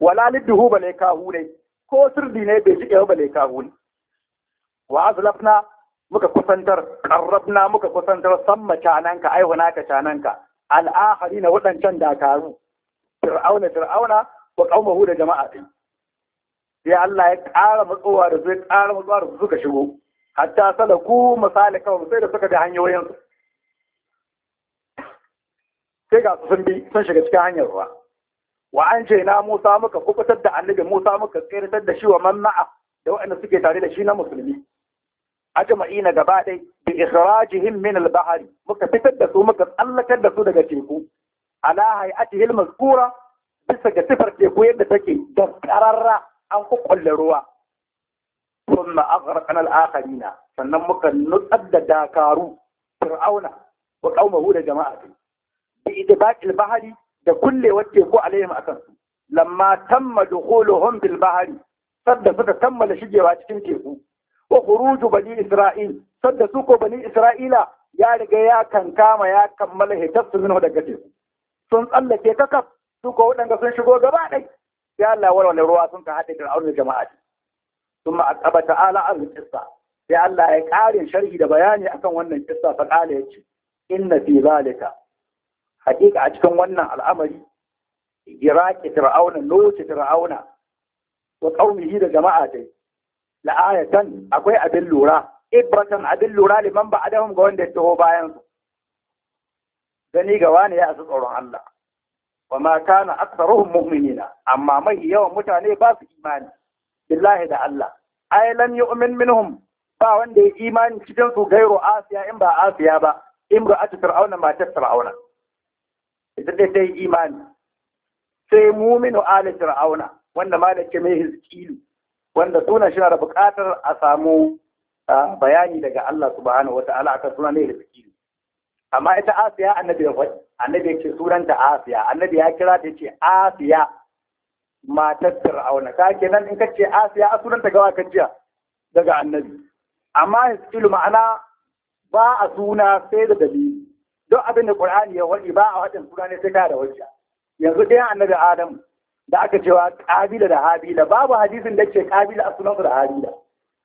wala lidduhu bale kahu ne ko sirri ne bai shiga ba lai kahuni wa azlafna muka kusantar karrabna muka kusantar samma cananka wana ka cananka al'ahari na waɗancan dakaru fir'auna fir'auna wa qaumahu da jama'a din sai Allah ya ƙara matsowa da zai ƙara matsowa da suka shigo hatta salaku masalika wa sai da suka da hanyoyin sai ga su sun bi sun shiga cikin hanyar ruwa wa an ce na Musa muka kubutar da annabi Musa muka tsirtar da shi wa mamma'a da waɗanda suke tare da shi na musulmi ajma'ina gaba ɗaya, bi ikhrajihim min al-bahr muka fitar da su muka tsallakar da su daga teku ala hay'atihi al-mazkura bisa ga sifar teku yadda take da kararra an kukkulle ruwa ثم أغرقنا الآخرين فنمك نتأدى داكارو فرعون وقومه لجماعته al-bahari. da kullewar teku alaihim akan su lamma tamma dukhuluhum bil bahri sadda suka kammala shigewa cikin teku wa khuruju bani isra'il sadda su ko bani isra'ila ya riga ya kankama ya kammala hitabsu minhu daga teku sun tsallake kakaf su ko wadanda sun shigo gaba ɗai ya Allah walwala ruwa sun ka haɗe da auren jama'a ثم أقب تعالى عن القصة sai Allah ya ƙarin sharhi da bayani akan wannan kissa fa ya ce inna fi zalika hakika a cikin wannan al'amari iraki fir'auna lokaci fir'auna wa qaumihi da jama'a dai la'ayatan akwai abin lura ibratan abin lura liman ba Adamu, ga wanda ya taho bayan su gani ga wani ya asu tsoron Allah wa ma kana aktharuhum mu'minina amma mai yawan mutane ba su imani billahi da Allah ay lam yu'min minhum ba wanda ya imani cikin su gairo asiya in ba asiya ba imra'atu fir'auna matar fir'auna ita dai ta yi imani sai muminu ala fir'auna wanda ma da ke mai hizkilu wanda sunan shi na da buƙatar a samu bayani daga Allah subhanahu wata'ala akan sunan ne hizkilu amma ita asiya annabi ya faɗi annabi ya ce sunanta asiya annabi ya kira ta ce asiya matar fir'auna ka nan in ka ce asiya a sunanta gawa ka jiya daga annabi amma hizkilu ma'ana ba a suna sai da dalili Don abin da Qur'ani ya wadi ba a wadin suna ne sai ka da hujja yanzu dai annabi Adam da aka cewa ƙabila da Habila babu hadisin da ke ƙabila, a sunansa da Habila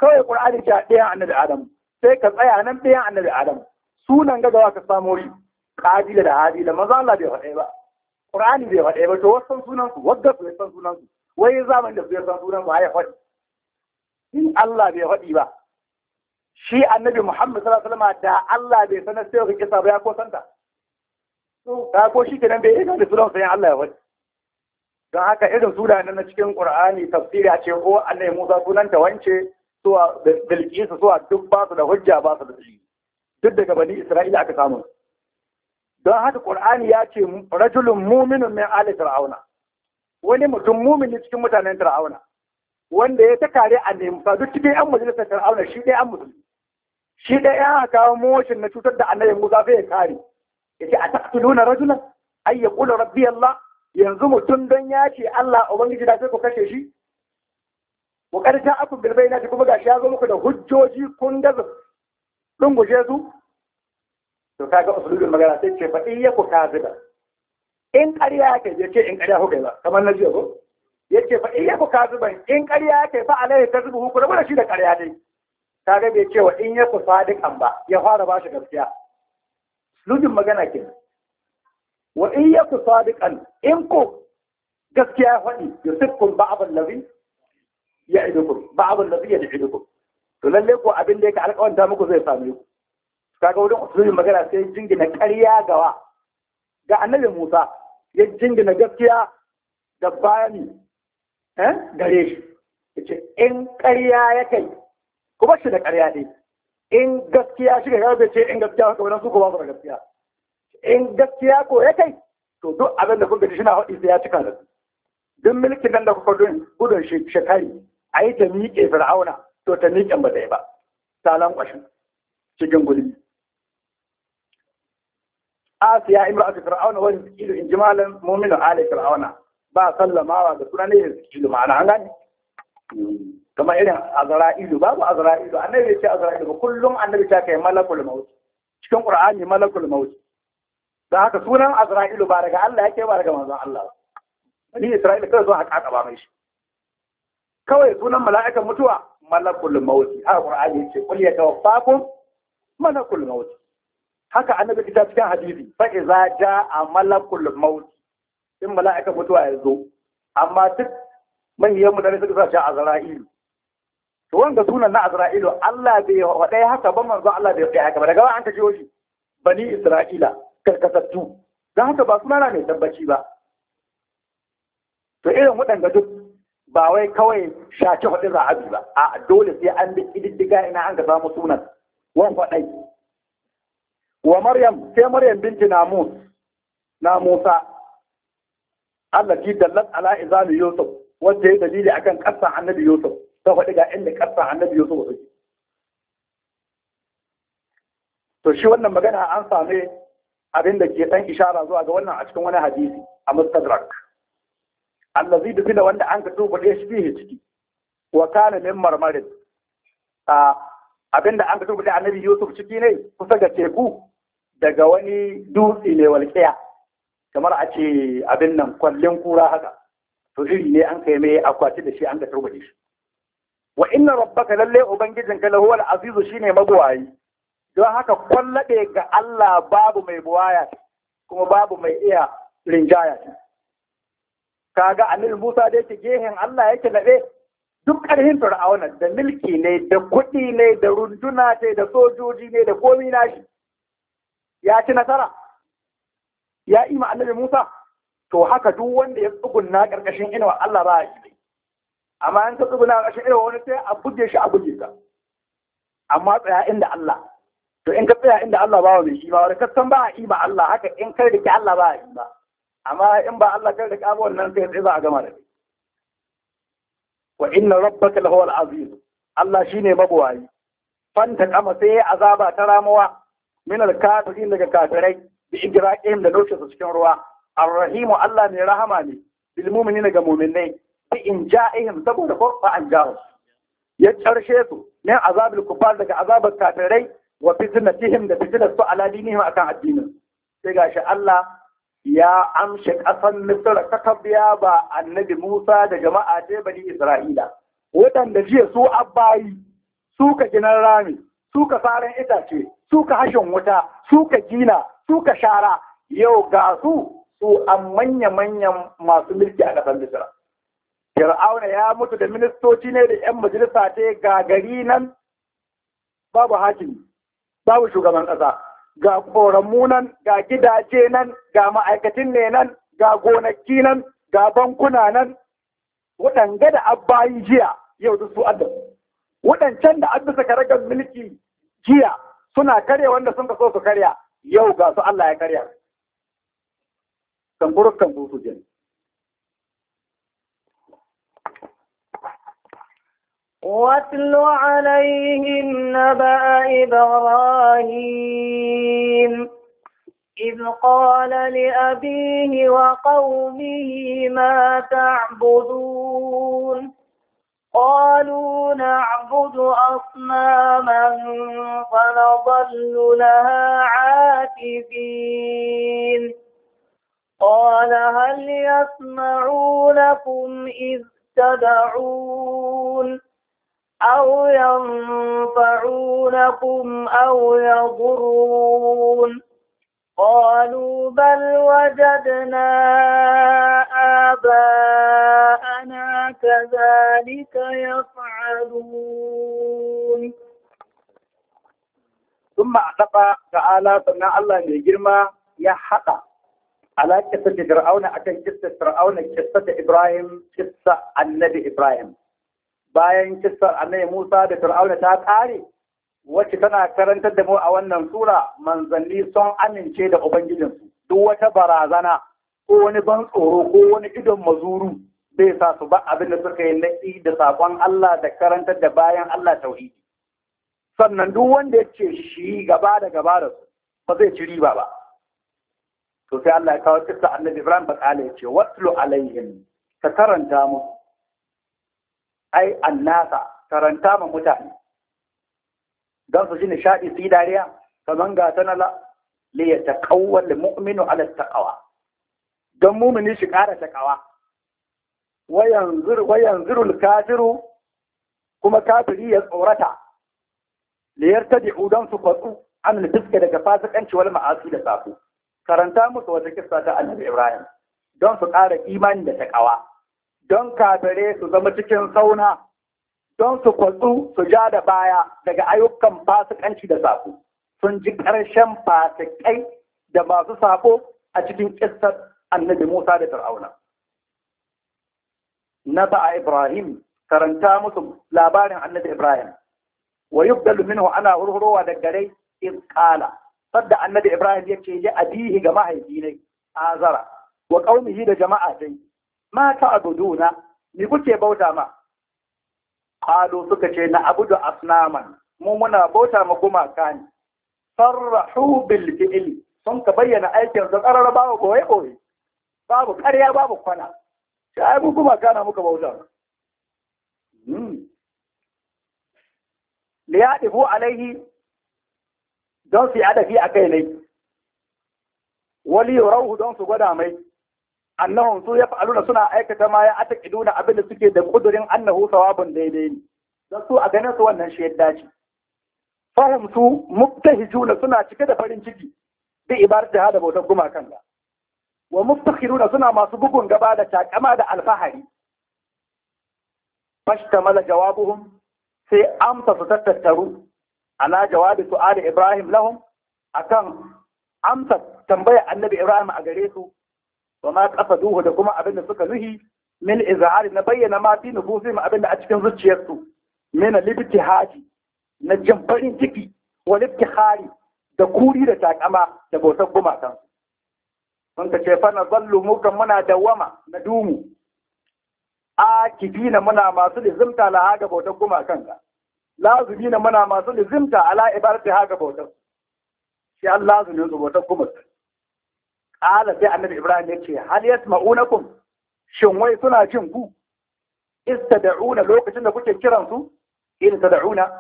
kawai Qur'ani ce ɗayan annabi Adam sai ka tsaya nan ɗayan annabi Adam sunan gagawa ka samo ri ƙabila da Habila maza Allah bai faɗe ba Qur'ani bai faɗe ba to wasan sunansu, su wadda su san sunan su wai zamanin da su san sunan su ya faɗi in Allah bai faɗi ba shi annabi Muhammad sallallahu alaihi wasallam da Allah bai sanar sai ka kisa ba ya ko santa ta ko shi kenan bai ga da sunan sai Allah ya wani don haka irin sunayen na cikin Qur'ani tafsiri a ce ko oh, annabi Musa ta wance to Bilkisu suwa duk ba su da hujja ba su da dalili duk daga bani Isra'ila aka samu don haka Qur'ani ya ce rajulun mu'minun min ali fir'auna wani mutum mumini cikin mutanen fir'auna wanda ya ta kare annabi Musa duk cikin 'yan majalisar fir'auna shi dai an musulmi shi da ya kawo motion na cutar da annabi Musa zai ya kare yace a taqtuluna rajulan ay yaqulu rabbi Allah yanzu mutum don ya ce Allah ubangiji da sai ku kashe shi wa qad ja'akum bil bayinati kuma gashi ya zo muku da hujjoji kun gaza guje su to kaga usulul magana sai ce fa iyyaku kaziba in ƙarya yake yace in ƙarya hukai ba kamar na jiya ko yace fa iyyaku kaziban in ƙarya yake fa alai kazibu ku rabu da shi da ƙarya dai ta ga bai cewa in ya kusa duk an ba ya fara ba shi gaskiya lujin magana ke wa in ya kusa duk an in ko gaskiya ya faɗi kun ba'abal lafi ya idukum ba'abal lafi ya idukum to lalle ko abin da yake alƙawanta muku zai same ku kaga wurin lujin magana sai jingina ƙarya gawa ga annabi Musa ya jingina gaskiya da bayani eh, gare shi ce in ƙarya ya kai ku bar shi da ƙarya ne in gaskiya shi ga zai ce in gaskiya haka wani su ko ba su da gaskiya in gaskiya ko ya kai to duk abin da kuka ji shi na haɗi sai ya cika da su duk mulkin nan da kuka don gudun shekari a yi ta miƙe fir'auna to ta miƙen ba ta yi ba Salon ƙwashin cikin gudu asiya imra'atu fir'auna wani ido, in jimalin mu'minu ali fir'auna ba sallamawa da sunanin ne ma'ana an gane kamar irin azra'ilu babu azra'ilu annabi ya ce azra'ilu ba kullum annabi ta kai malakul maut cikin qur'ani malakul maut da haka sunan azra'ilu ba daga Allah yake ba daga manzon Allah ba ni Isra'ilu kai zo haka ba mai shi kawai sunan mala'ikan mutuwa malakul maut a qur'ani yace kul tawaffakum malakul maut haka annabi ta cikin hadisi fa iza jaa malakul maut in mala'ikan mutuwa ya zo amma duk manyan mutane suka sa shi azra'ilu to wanga sunan na Azra'ilu Allah bai wadai haka ba manzo Allah bai wadai haka ba daga an ka shi bani Isra'ila karkatattu dan haka ba sunana mai tabbaci ba to irin waɗanda duk ba wai kawai shaki faɗin ra'abi ba a dole sai an bi diddiga ina an ka samu sunan wan faɗai wa maryam sai maryam binti namus na musa Allah ji dallat ala izali yusuf wanda ya dalili akan kasan annabi yusuf ta faɗi ga inda ƙasa annabi Yusuf ya suke to shi wannan magana an same abin da ke ɗan ishara zuwa ga wannan a cikin wani hadisi a mustadrak zai dubi da wanda an ka ɗaya shi fiye ciki wa kana min marmarin abin da an ka tubuɗe annabi yusuf ciki ne kusa ga teku daga wani dutse mai walƙiya kamar a ce abin nan kwallon kura haka to iri ne an kai mai akwati da shi an ka tubuɗe shi wa inna rabbaka lalle ubangijin lahu al-azizu shine magwayi don haka kwallade ga Allah babu mai buwaya kuma babu mai iya rinjaya kaga anil Musa da yake gehen Allah yake nabe duk karhin fir'auna da milki ne da kuɗi ne da runduna ce da sojoji ne da komi nashi ya ci nasara ya ima annabi Musa to haka duk wanda ya tsugunna ƙarƙashin inuwa Allah ba ya amma in ka tsuguna a ƙarshen irin wani sai a buge shi a buge ka amma tsaya inda Allah to in ka tsaya inda Allah ba mai shi ba wani kasan ba a yi ba Allah haka in kai da ke Allah ba a yi ba amma in ba Allah kai da ke abu wannan sai tsaye za a gama da kai wa inna rabbaka lahuwal aziz Allah shine mabuwayi fanta kama sai azaba ta ramuwa min al-kafirin daga kafirai bi igraqihim da lokacin su cikin ruwa ar-rahimu Allah ne rahama ne bil mu'minina ga mu'minai bi in ja'ihim saboda ko fa an ja'u ya tsarshe su ne azabul kufar daga azabar kafirai wa fitnatihim da fitnat su ala dinihim akan addinin sai gashi Allah ya amshi kasan Misra ta tabbiya ba annabi Musa da jama'a da bani Isra'ila wadanda jiya su abbayi suka ginan rami suka faran itace suka hashin wuta suka gina suka shara yau ga su su an manya-manyan masu mulki a ƙasar Misra. fir'auna ya mutu da ministoci ne da 'yan majalisa ta gagari nan babu hakimi babu shugaban ƙasa ga ƙoramu nan ga gidaje nan ga ma'aikacin ne nan ga gonaki nan ga bankuna nan waɗanga da abbayi jiya yau da su addu. waɗancan da an suka raga mulki jiya suna karya wanda sun so su karya yau ga su Allah ya karya kan jini واتل عليهم نبأ إبراهيم إذ قال لأبيه وقومه ما تعبدون قالوا نعبد أصناما فنظل لها عاكفين قال هل يسمعونكم إذ تدعون أو ينفعونكم أو يضرون قالوا بل وجدنا آباءنا كذلك يفعلون ثم أعتقى تعالى أن الله من جرمى يا حقا على قصة فرعون أكن قصة فرعون قصة إبراهيم قصة النبي إبراهيم bayan kissar annabi Musa da Fir'auna ta ƙare wacce tana karantar da mu a wannan sura manzanni sun amince da ubangijinsu duk wata barazana ko wani ban tsoro ko wani idon mazuru zai sa su ba abin da suka yi naɗi da saƙon Allah da karantar da bayan Allah tauhidi sannan duk wanda ya ce shi gaba da gaba da su ba zai ci riba ba to sai Allah ya kawo kissa annabi Ibrahim ba ya ce wasu alaihim ka karanta musu ai annasa karanta ma mutane don su ji nishaɗi su yi dariya kamar ga ta nala li ya taqawwa lil mu'minu ala taqwa don mu'mini shi ƙara ta wa yanzuru wa yanzuru kafiru kuma kafiri ya tsorata Liyar ta yartadi'u don su kwatsu an fiske daga fasikanci wal ma'asi da safu karanta musu wata kissa ta annabi Ibrahim don su ƙara imani da ta taqwa don kafire su zama cikin sauna don su kwatsu su ja da baya daga ayyukan fasikanci da sako sun ji ƙarshen fasikai da masu sako a cikin ƙistar annabi Musa da Fir'auna. Na ba'a Ibrahim karanta musu labarin annabi Ibrahim wa yubdalu minhu ana hurhurowa da gare in qala sadda annabi Ibrahim yake ya abihi ga mahaifi ne azara wa qaumihi da jama'a dai ma ta na, ni kuke bauta ma qalu suka ce na abudu asnaman mu muna bauta ma kuma kani sarrahu bil fi'li sun ka bayyana aikin su karar babu boye boye babu karya babu kwana sai mu gumaka na muka bauta hmm. liyadifu alaihi don su yi adafi a kai ne wali yarahu don su gwada mai annahum su ya fa'aluna suna aikata ma ya ataqiduna abin da suke da kudurin annahu sawabun daidai ne dan su a ganin su wannan shi yadda ce fahim su mubtahijuna suna cike da farin ciki bi ibarat da bautar gumakan wa mubtakhiruna suna masu bugun gaba da takama da alfahari fashtamala jawabuhum sai amsa su tattattaru ala jawabi su'ali ibrahim lahum akan amsa tambaya annabi ibrahim a gare su wa ma qasaduhu da kuma abin da suka nuhi min izhar na bayyana ma fi nufusihim abin da a cikin zuciyarsu min libtihaji na jin farin ciki wa libtihari da kuri da takama da bautar gumakan sun ka ce fa na zallu mukan muna dawama na dumu A akifina muna masu lizimta laha ga bautar gumakan ka na muna masu lizimta ala ibarati ha ga bautar shi Allah zunin bautar gumakan ƙala sai annabi ibrahim ya ce hal yasma'unakum shin wai suna jin ku istada'una lokacin da kuke kiran su in tada'una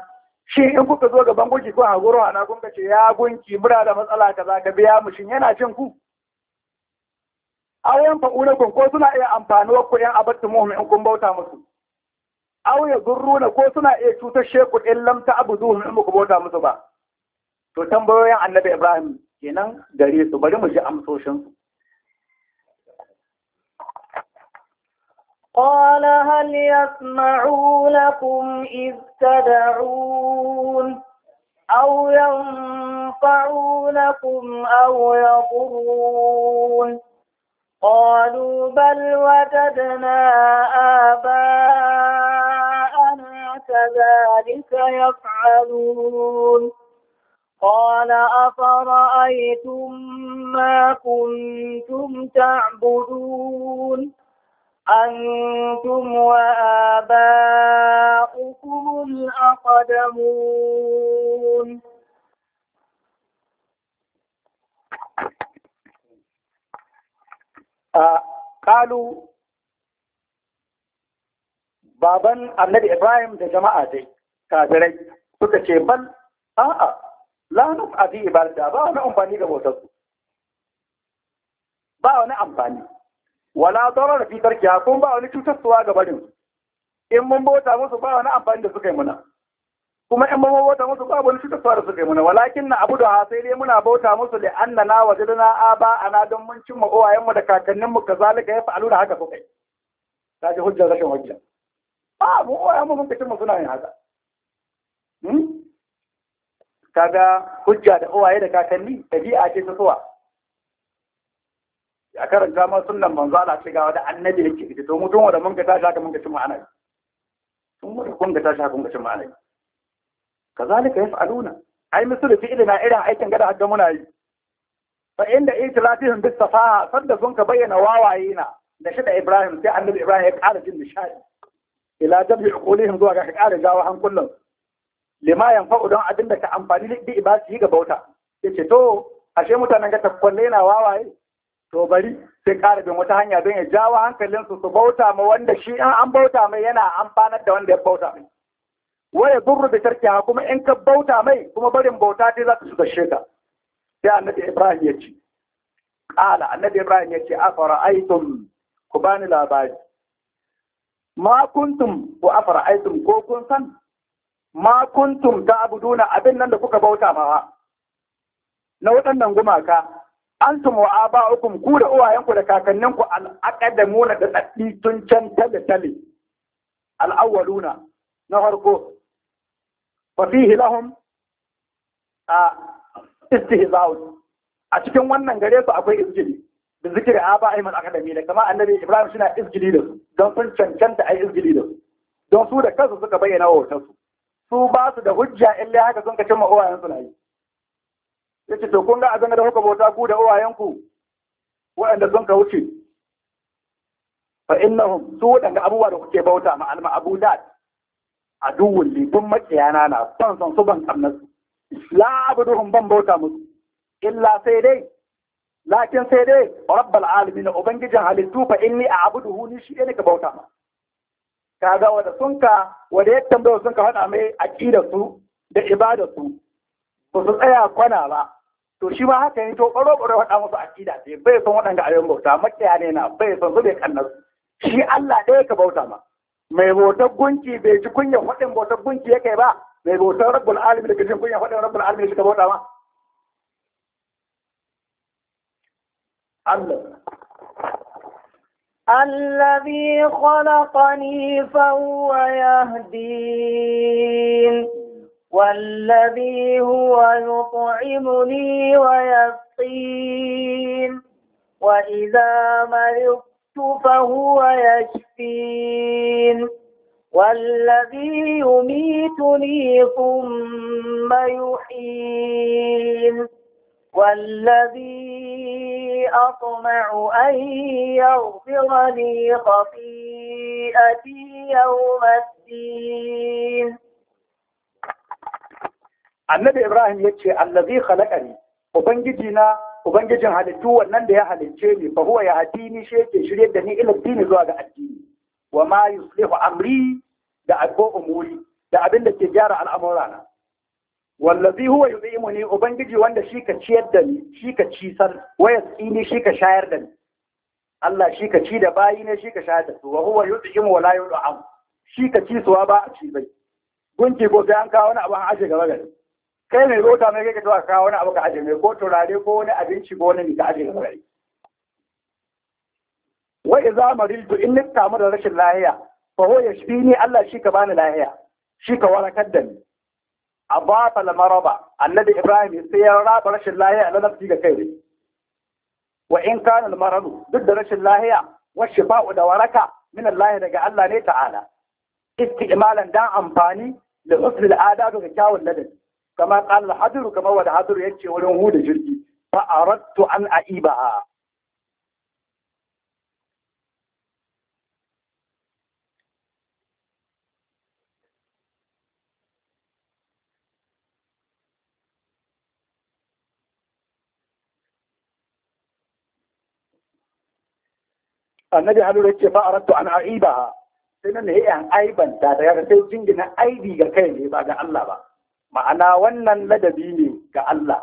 shi in kuka zo gaban gunki ko hagoro ana kun ce ya gunki mura da matsala za ka biya mu shin yana jin ku fa yanfa'unakum ko suna iya amfanuwar ku yan abattu mu'min in kun bauta musu aw zurruna ko suna iya cutar sheku in lam ta'buduhum in ku bauta musu ba to tambayoyin annabi ibrahim kenan gare su bari mu ji amsoshin su قال هل يسمعونكم إذ تدعون أو ينفعونكم أو يضرون قالوا بل وجدنا آباءنا كذلك يفعلون قال أفرأيتم ما كنتم تعبدون أنتم وآباؤكم الأقدمون آه قالوا baban annabi Ibrahim da jama'a dai kafirai suka ce bal a'a lanuf a fi ibadata ba wani amfani ga bautar ba wani amfani wala da fitar kya kun ba wani cutarsuwa ga barin in mun bauta musu ba wani amfani da suka yi muna kuma in mun bauta musu ba wani cutarsuwa da suka yi muna walakin na abu da sai dai muna bauta musu da annana ba a na don mun cimma uwayenmu da kakanninmu ka zalika ya fa'alu da haka suka yi ta ji hujjar rashin hujja ba mu uwayenmu sun fitin mu suna yin haka hmm? kaga hujja da uwaye da kakanni ɗabi'a ce ta tsuwa a karanta ma sunan manzo Allah ce ga wani annabi yake ita to mutum wanda mun ka tashi haka mun ka cin ma'ana sun mutu kun ka tashi haka mun ka cin ma'ana kazalika yaf'aluna ai misali fi na irin aikin gada hadda muna yi fa inda itilatihim bis safaha sanda sun ka bayyana wawaye na da shi da Ibrahim sai annabi Ibrahim ya ƙara jin nishadi ila dabbi uqulihim zuwa ga ƙara jawo hankulan lima fa'u don abin da ka amfani da yi ga bauta Ya ce to ashe mutanen ga takwalle na wawaye to bari sai ƙara bin wata hanya don ya jawo hankalinsu su bauta ma wanda shi in an bauta mai yana amfanar da wanda ya bauta mai waya burru da ha kuma in ka bauta mai kuma barin bauta ta za ta shiga sheka sai annabi ibrahim ya ce ƙala annabi ibrahim ya ce afara aitum ku bani labari ma kuntum ku afara aitum ko kun san ma kuntum abuduna abin nan da kuka bauta mawa na waɗannan gumaka antum wa hukum ku da uwayenku da kakanninku al-aqdamuna da daddi tun can tale tale al na farko fa fihi lahum a istihza'u a cikin wannan gare su akwai izgili da zikiri aba'ihim al akadami da kama annabi Ibrahim suna izgili da su don sun cancanta yi izgili da su don su da kansu suka bayyana wa su su ba su da hujja illa haka sun ka cimma uwayen su yi yace to kun ga zanga da kuka bauta ku da uwayen ku waɗanda sun ka wuce fa innahum su waɗanda abubuwa da kuke bauta ma alma abu dat aduwwul li dun makiyana na ban son su ban kamnas la abuduhum ban bauta musu illa sai dai lakin sai dai rabbal alamin ubangijin halittu fa inni a'buduhu ni shi ne ka bauta ma kaga wanda sun ka wanda ya tambaya sun ka faɗa mai aƙida su da ibada su ba su tsaya kwana ba to shi ma haka ne to baro baro faɗa musu aƙida sai bai son waɗanda ayon bauta makiya ne na bai son su bai kanna su shi Allah ɗaya ka bauta ma mai bautar gunki bai ji kunya faɗin bautar gunki ya kai ba mai bautar rabbul alimi da jin kunyan faɗin rabbul alimi shi ka bauta ma Allah الذي خلقني فهو يهدين والذي هو يطعمني ويسقين وإذا مرضت فهو يشفين والذي يميتني ثم يحيين والذي أطمع أن يغفر لي خطيئتي يوم الدين annabi ibrahim ya ce allazi khalaqani ubangiji na ubangijin halittu wannan da ya halicce ni fa huwa ya hadini shi yake shirye da ni ila dini zuwa ga addini wa ma yuslihu amri da abbo umuri da abin da ke gyara al'amurana wallazi huwa ne, ubangiji wanda shi ka ciyar da ni shi ka ci san waya tsini shi ka shayar da ni Allah shi ka ci da bayi ne shi ka shayar da su wa huwa yud'imu wa la yud'am shi ka ci suwa ba a ci bai gunki ko sai an kawo wani abu an aje gaba gari kai mai rota mai kai ka kawo wani abu ka aje mai ko turare ko wani abinci ko wani ka aje gaba gari wa idza mariltu in ni kamu da rashin lahiya fa huwa yashfini Allah shi ka bani lahiya shi ka warakar da ni abata al-maraba annabi ibrahim sai ya raba rashin lahiya na nafsi ga kai wa in kana al duk da rashin lahiya wa shifa'u da waraka min Allah daga Allah ne ta'ala istimalan dan amfani da usul al'ada ga kyawun ladabi kama qala al-hadru kama wa al-hadru yace wurin huda jirgi fa aradtu an aibaha annabi hadu yake fa aradtu an aibaha sai nan ne an aibanta ta ga sai jingina aibi ga kai ne ba ga Allah ba ma'ana wannan ladabi ne ga Allah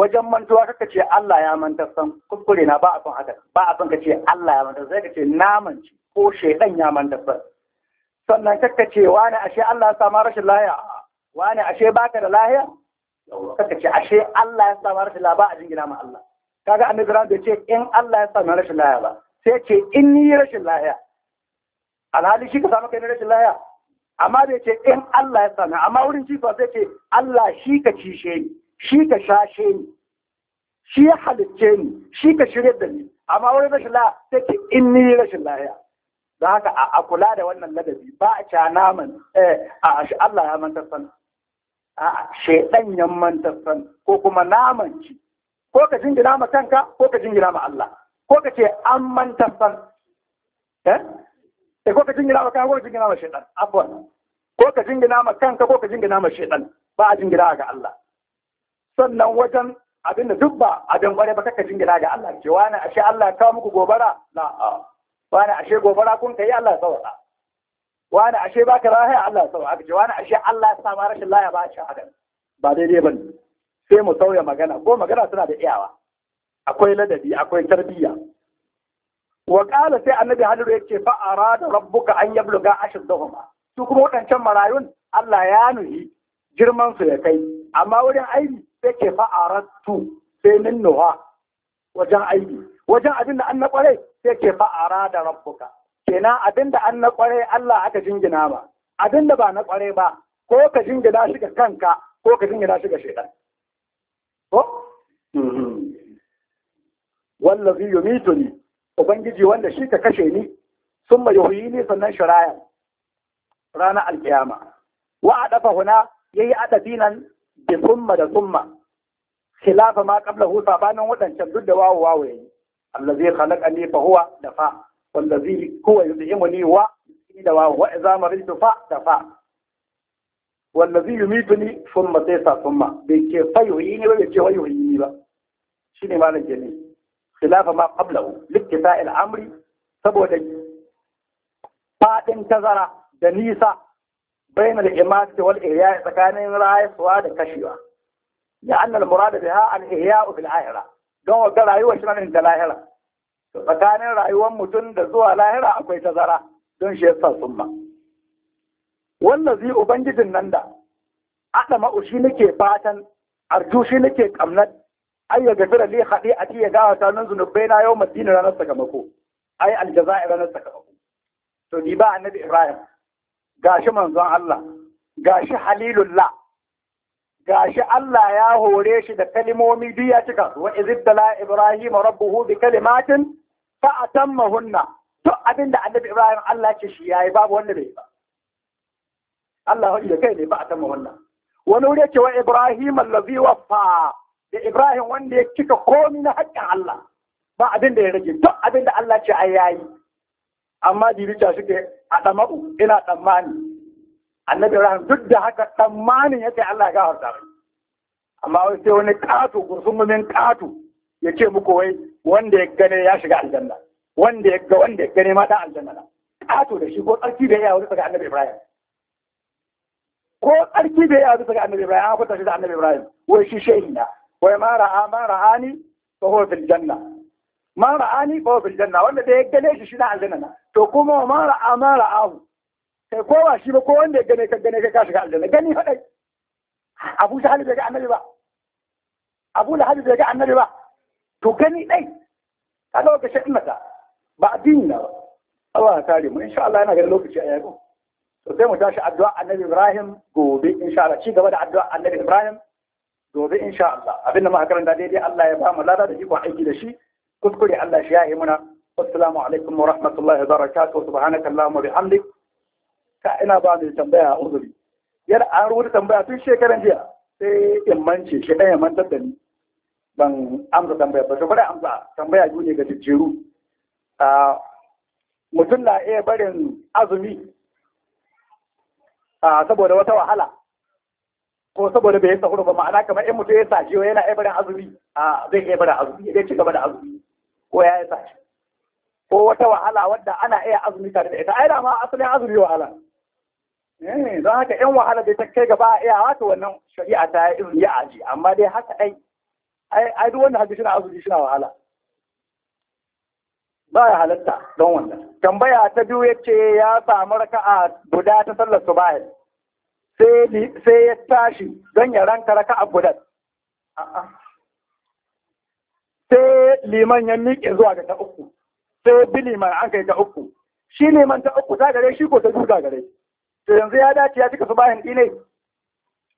wajen mantuwa kaka ce Allah ya manta san kuskure na ba a son haka ba a son kace Allah ya manta sai kace ce na manci ko shedan ya manta san sannan kaka ce wani ashe Allah ya sama rashin lahiya wani ashe baka da lahiya kaka ce ashe Allah ya sama rashin lahiya ba a jingina ma Allah kaga annabi ran da ce in Allah ya sama rashin lahiya ba sai ce in ni rashin lahiya alhali shi ka samu kai rashin lahiya amma bai ce in Allah ya sami amma wurin ciko sai ce Allah shi ka cishe ni shi ka shashe ni shi ya halicce ni shi ka shirya da ni amma wurin rashin lahiya sai ce in ni rashin lahiya Za haka a kula da wannan ladabi ba a ca naman eh, a Allah ya manta sana a shaidan ya mantar ko kuma naman ci ko ka jingina ma kanka ko ka jingina ma Allah ko ka ce an man tabban eh? eh ko ka jingina ma kanka ko ka jingina ma shaytan afwan ko ka jingina ma kanka ko ka jingina ma shaytan ba a jingina ga Allah sannan wajen abin da duk ba abin kware ba kaka jingina ga Allah ce wani ashe Allah ya kawo muku gobara la wani ashe gobara kun ka kai Allah ya sauka wani ashe baka lahiya Allah ya sauka ce wani ashe Allah ya sa ma rashin laya ba shi hakan ba daidai ba bane sai mu sauya magana ko magana suna da iyawa akwai ladabi akwai tarbiyya wa qala sai annabi hadiru yace fa arada rabbuka an yabluga ashaddahuma su kuma wadancan marayun Allah ya nuhi girman su ya kai amma wurin aibi sai ke fa aratu sai min nuha wajen aibi wajen abin da an na kware sai ke fa arada rabbuka kenan abin da an na kware Allah aka jingina ba abin da ba na kware ba ko ka jingina shi ga kanka ko ka jingina shi ga shaitan ko mm-hmm. wallazi yumituni ubangiji wanda shi ka kashe ni summa yuhyini sannan shiraya rana alkiyama wa adafa huna yayi adabi nan bi summa da summa khilafa ma qablahu sabanin wadancan duk da wawo wawo yayi allazi khalaqani fa huwa dafa wallazi huwa yudhimuni wa da wawo wa idza maritu fa dafa wallazi yumituni summa taysa summa bai ke fa yuhyini ba bai ce wa yuhyini ba shine malam kenan khilafa ma qablahu likita al'amri saboda fadin tazara da nisa bayan al'imati wal ihya tsakanin rayuwa da kashewa ya anna al murad biha al ihya fil ahira don ga rayuwar shi nan da lahira tsakanin rayuwar mutum da zuwa lahira akwai tazara don shi yasa summa wallazi ubangijin nan da adama shi nake fatan arju shi nake kamnar ai ya gafira li khati'ati ya gawata nan zunubai na yau madina ranar sakamako ai aljaza aljaza'i ranar sakamako to ni ba annabi ibrahim gashi manzon Allah gashi halilullah gashi Allah ya hore shi da kalimomi duk ya cika wa iziddala ibrahim rabbuhu bi kalimatin fa atammahunna duk abinda annabi ibrahim Allah ce shi yayi babu wanda bai ba Allah hadi kai ne ba atammahunna wani wuri ce wa ibrahim allazi waffa da Ibrahim wanda ya cika komi na haƙƙin Allah ba abin da ya rage duk abin da Allah ce ai yayi amma dirita suke a ɗama'u ina tsammani annabi Ibrahim duk da haka tsammanin ya yake Allah ga harta amma wai sai wani ƙato gursumumin ƙato ya ce muku wai wanda ya gane ya shiga aljanna wanda ya ga wanda ya gane ma da aljanna ƙato da shi ko tsarki da ya wuri daga annabi Ibrahim ko tsarki da ya wuri daga annabi Ibrahim an fata shi da annabi Ibrahim wai shi shehi na وما رأى ما رأني فهو في الجنة ما رأني فهو في الجنة وانا ده يجليش شنا عزننا تقوم وما رأى ما رأاه كوا شيبو كوا ده جنيك جنيك كاش قالنا جني هلا أبو سهل بيجي عمل بقى أبو لهل بيجي عمل بقى تكني أي هذا هو كشيء مثلا بعدين الله تعالى إن شاء الله أنا غير لوك شيء أيه وتم تاش الدعاء النبي إبراهيم قوبي إن شاء الله شيء قبل الدعاء النبي إبراهيم gobe insha Allah abinda muka karanta daidai Allah ya ba mu lada da ikon aiki da shi kuskure Allah shi ya yi muna assalamu alaikum wa rahmatullahi wa barakatuh subhanaka allahumma bihamdik ka ina ba mu tambaya uzuri yar an rubuta tambaya tun shekaran jiya sai in mance shi dan ya mantar da ni ban amsa tambaya ba saboda amsa tambaya ne ga jijjiru mutum na iya barin azumi saboda wata wahala ko saboda bai sahur ba ma'ana kamar in mutum ya sajiyo yana ibarin azumi a zai iya ibarin azumi ya ci gaba da azumi ko ya yi sashi ko wata wahala wadda ana iya azumi tare da ita ai da ma asalin azumi wahala eh, don haka yan wahala bai ta kai gaba iya wata wannan shari'a ta yi izini ya aji amma dai haka ai ai duk wanda haka na azumi na wahala ba ya halatta don wannan tambaya ta biyu ya ce ya samu raka'a guda ta sallar subahil sai ya tashi don ya ranka raka a gudan sai liman ya miƙe zuwa ga ta uku sai bi liman an kai ta uku shi liman ta uku ta gare shi ko ta duka gare to yanzu ya dace ya cika su bayan ne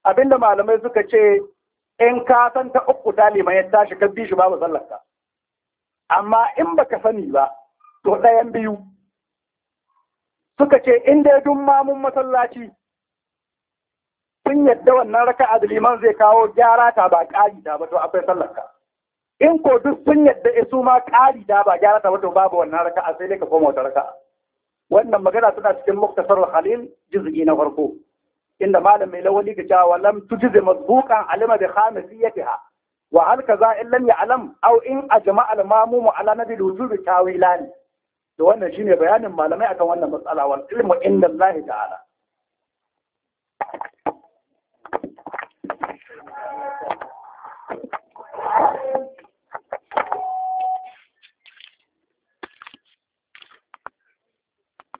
abinda malamai suka ce in ka san ta uku ta liman ya tashi ka bi shi babu sallarka amma in baka sani ba to ɗayan biyu suka ce in dai dun mamun masallaci sun yadda wannan raka'a da liman zai kawo gyara ta ba ƙari da ba to akwai sallar ka in ko duk sun yadda isu eh, ma ƙari da ba gyara ta ba to babu wannan raka'a sai dai ka koma wata raka'a wannan magana suna cikin muktasar halil juz'i na farko inda malam mai lawali ka cewa lam tujzi masbuqan alima bi khamisiyatiha wa hal kaza in lam ya'lam aw in ajma al mamumu ala nabi wujub tawilan to wannan shine bayanin malamai akan wannan matsala wal ilmu inda Allah ta'ala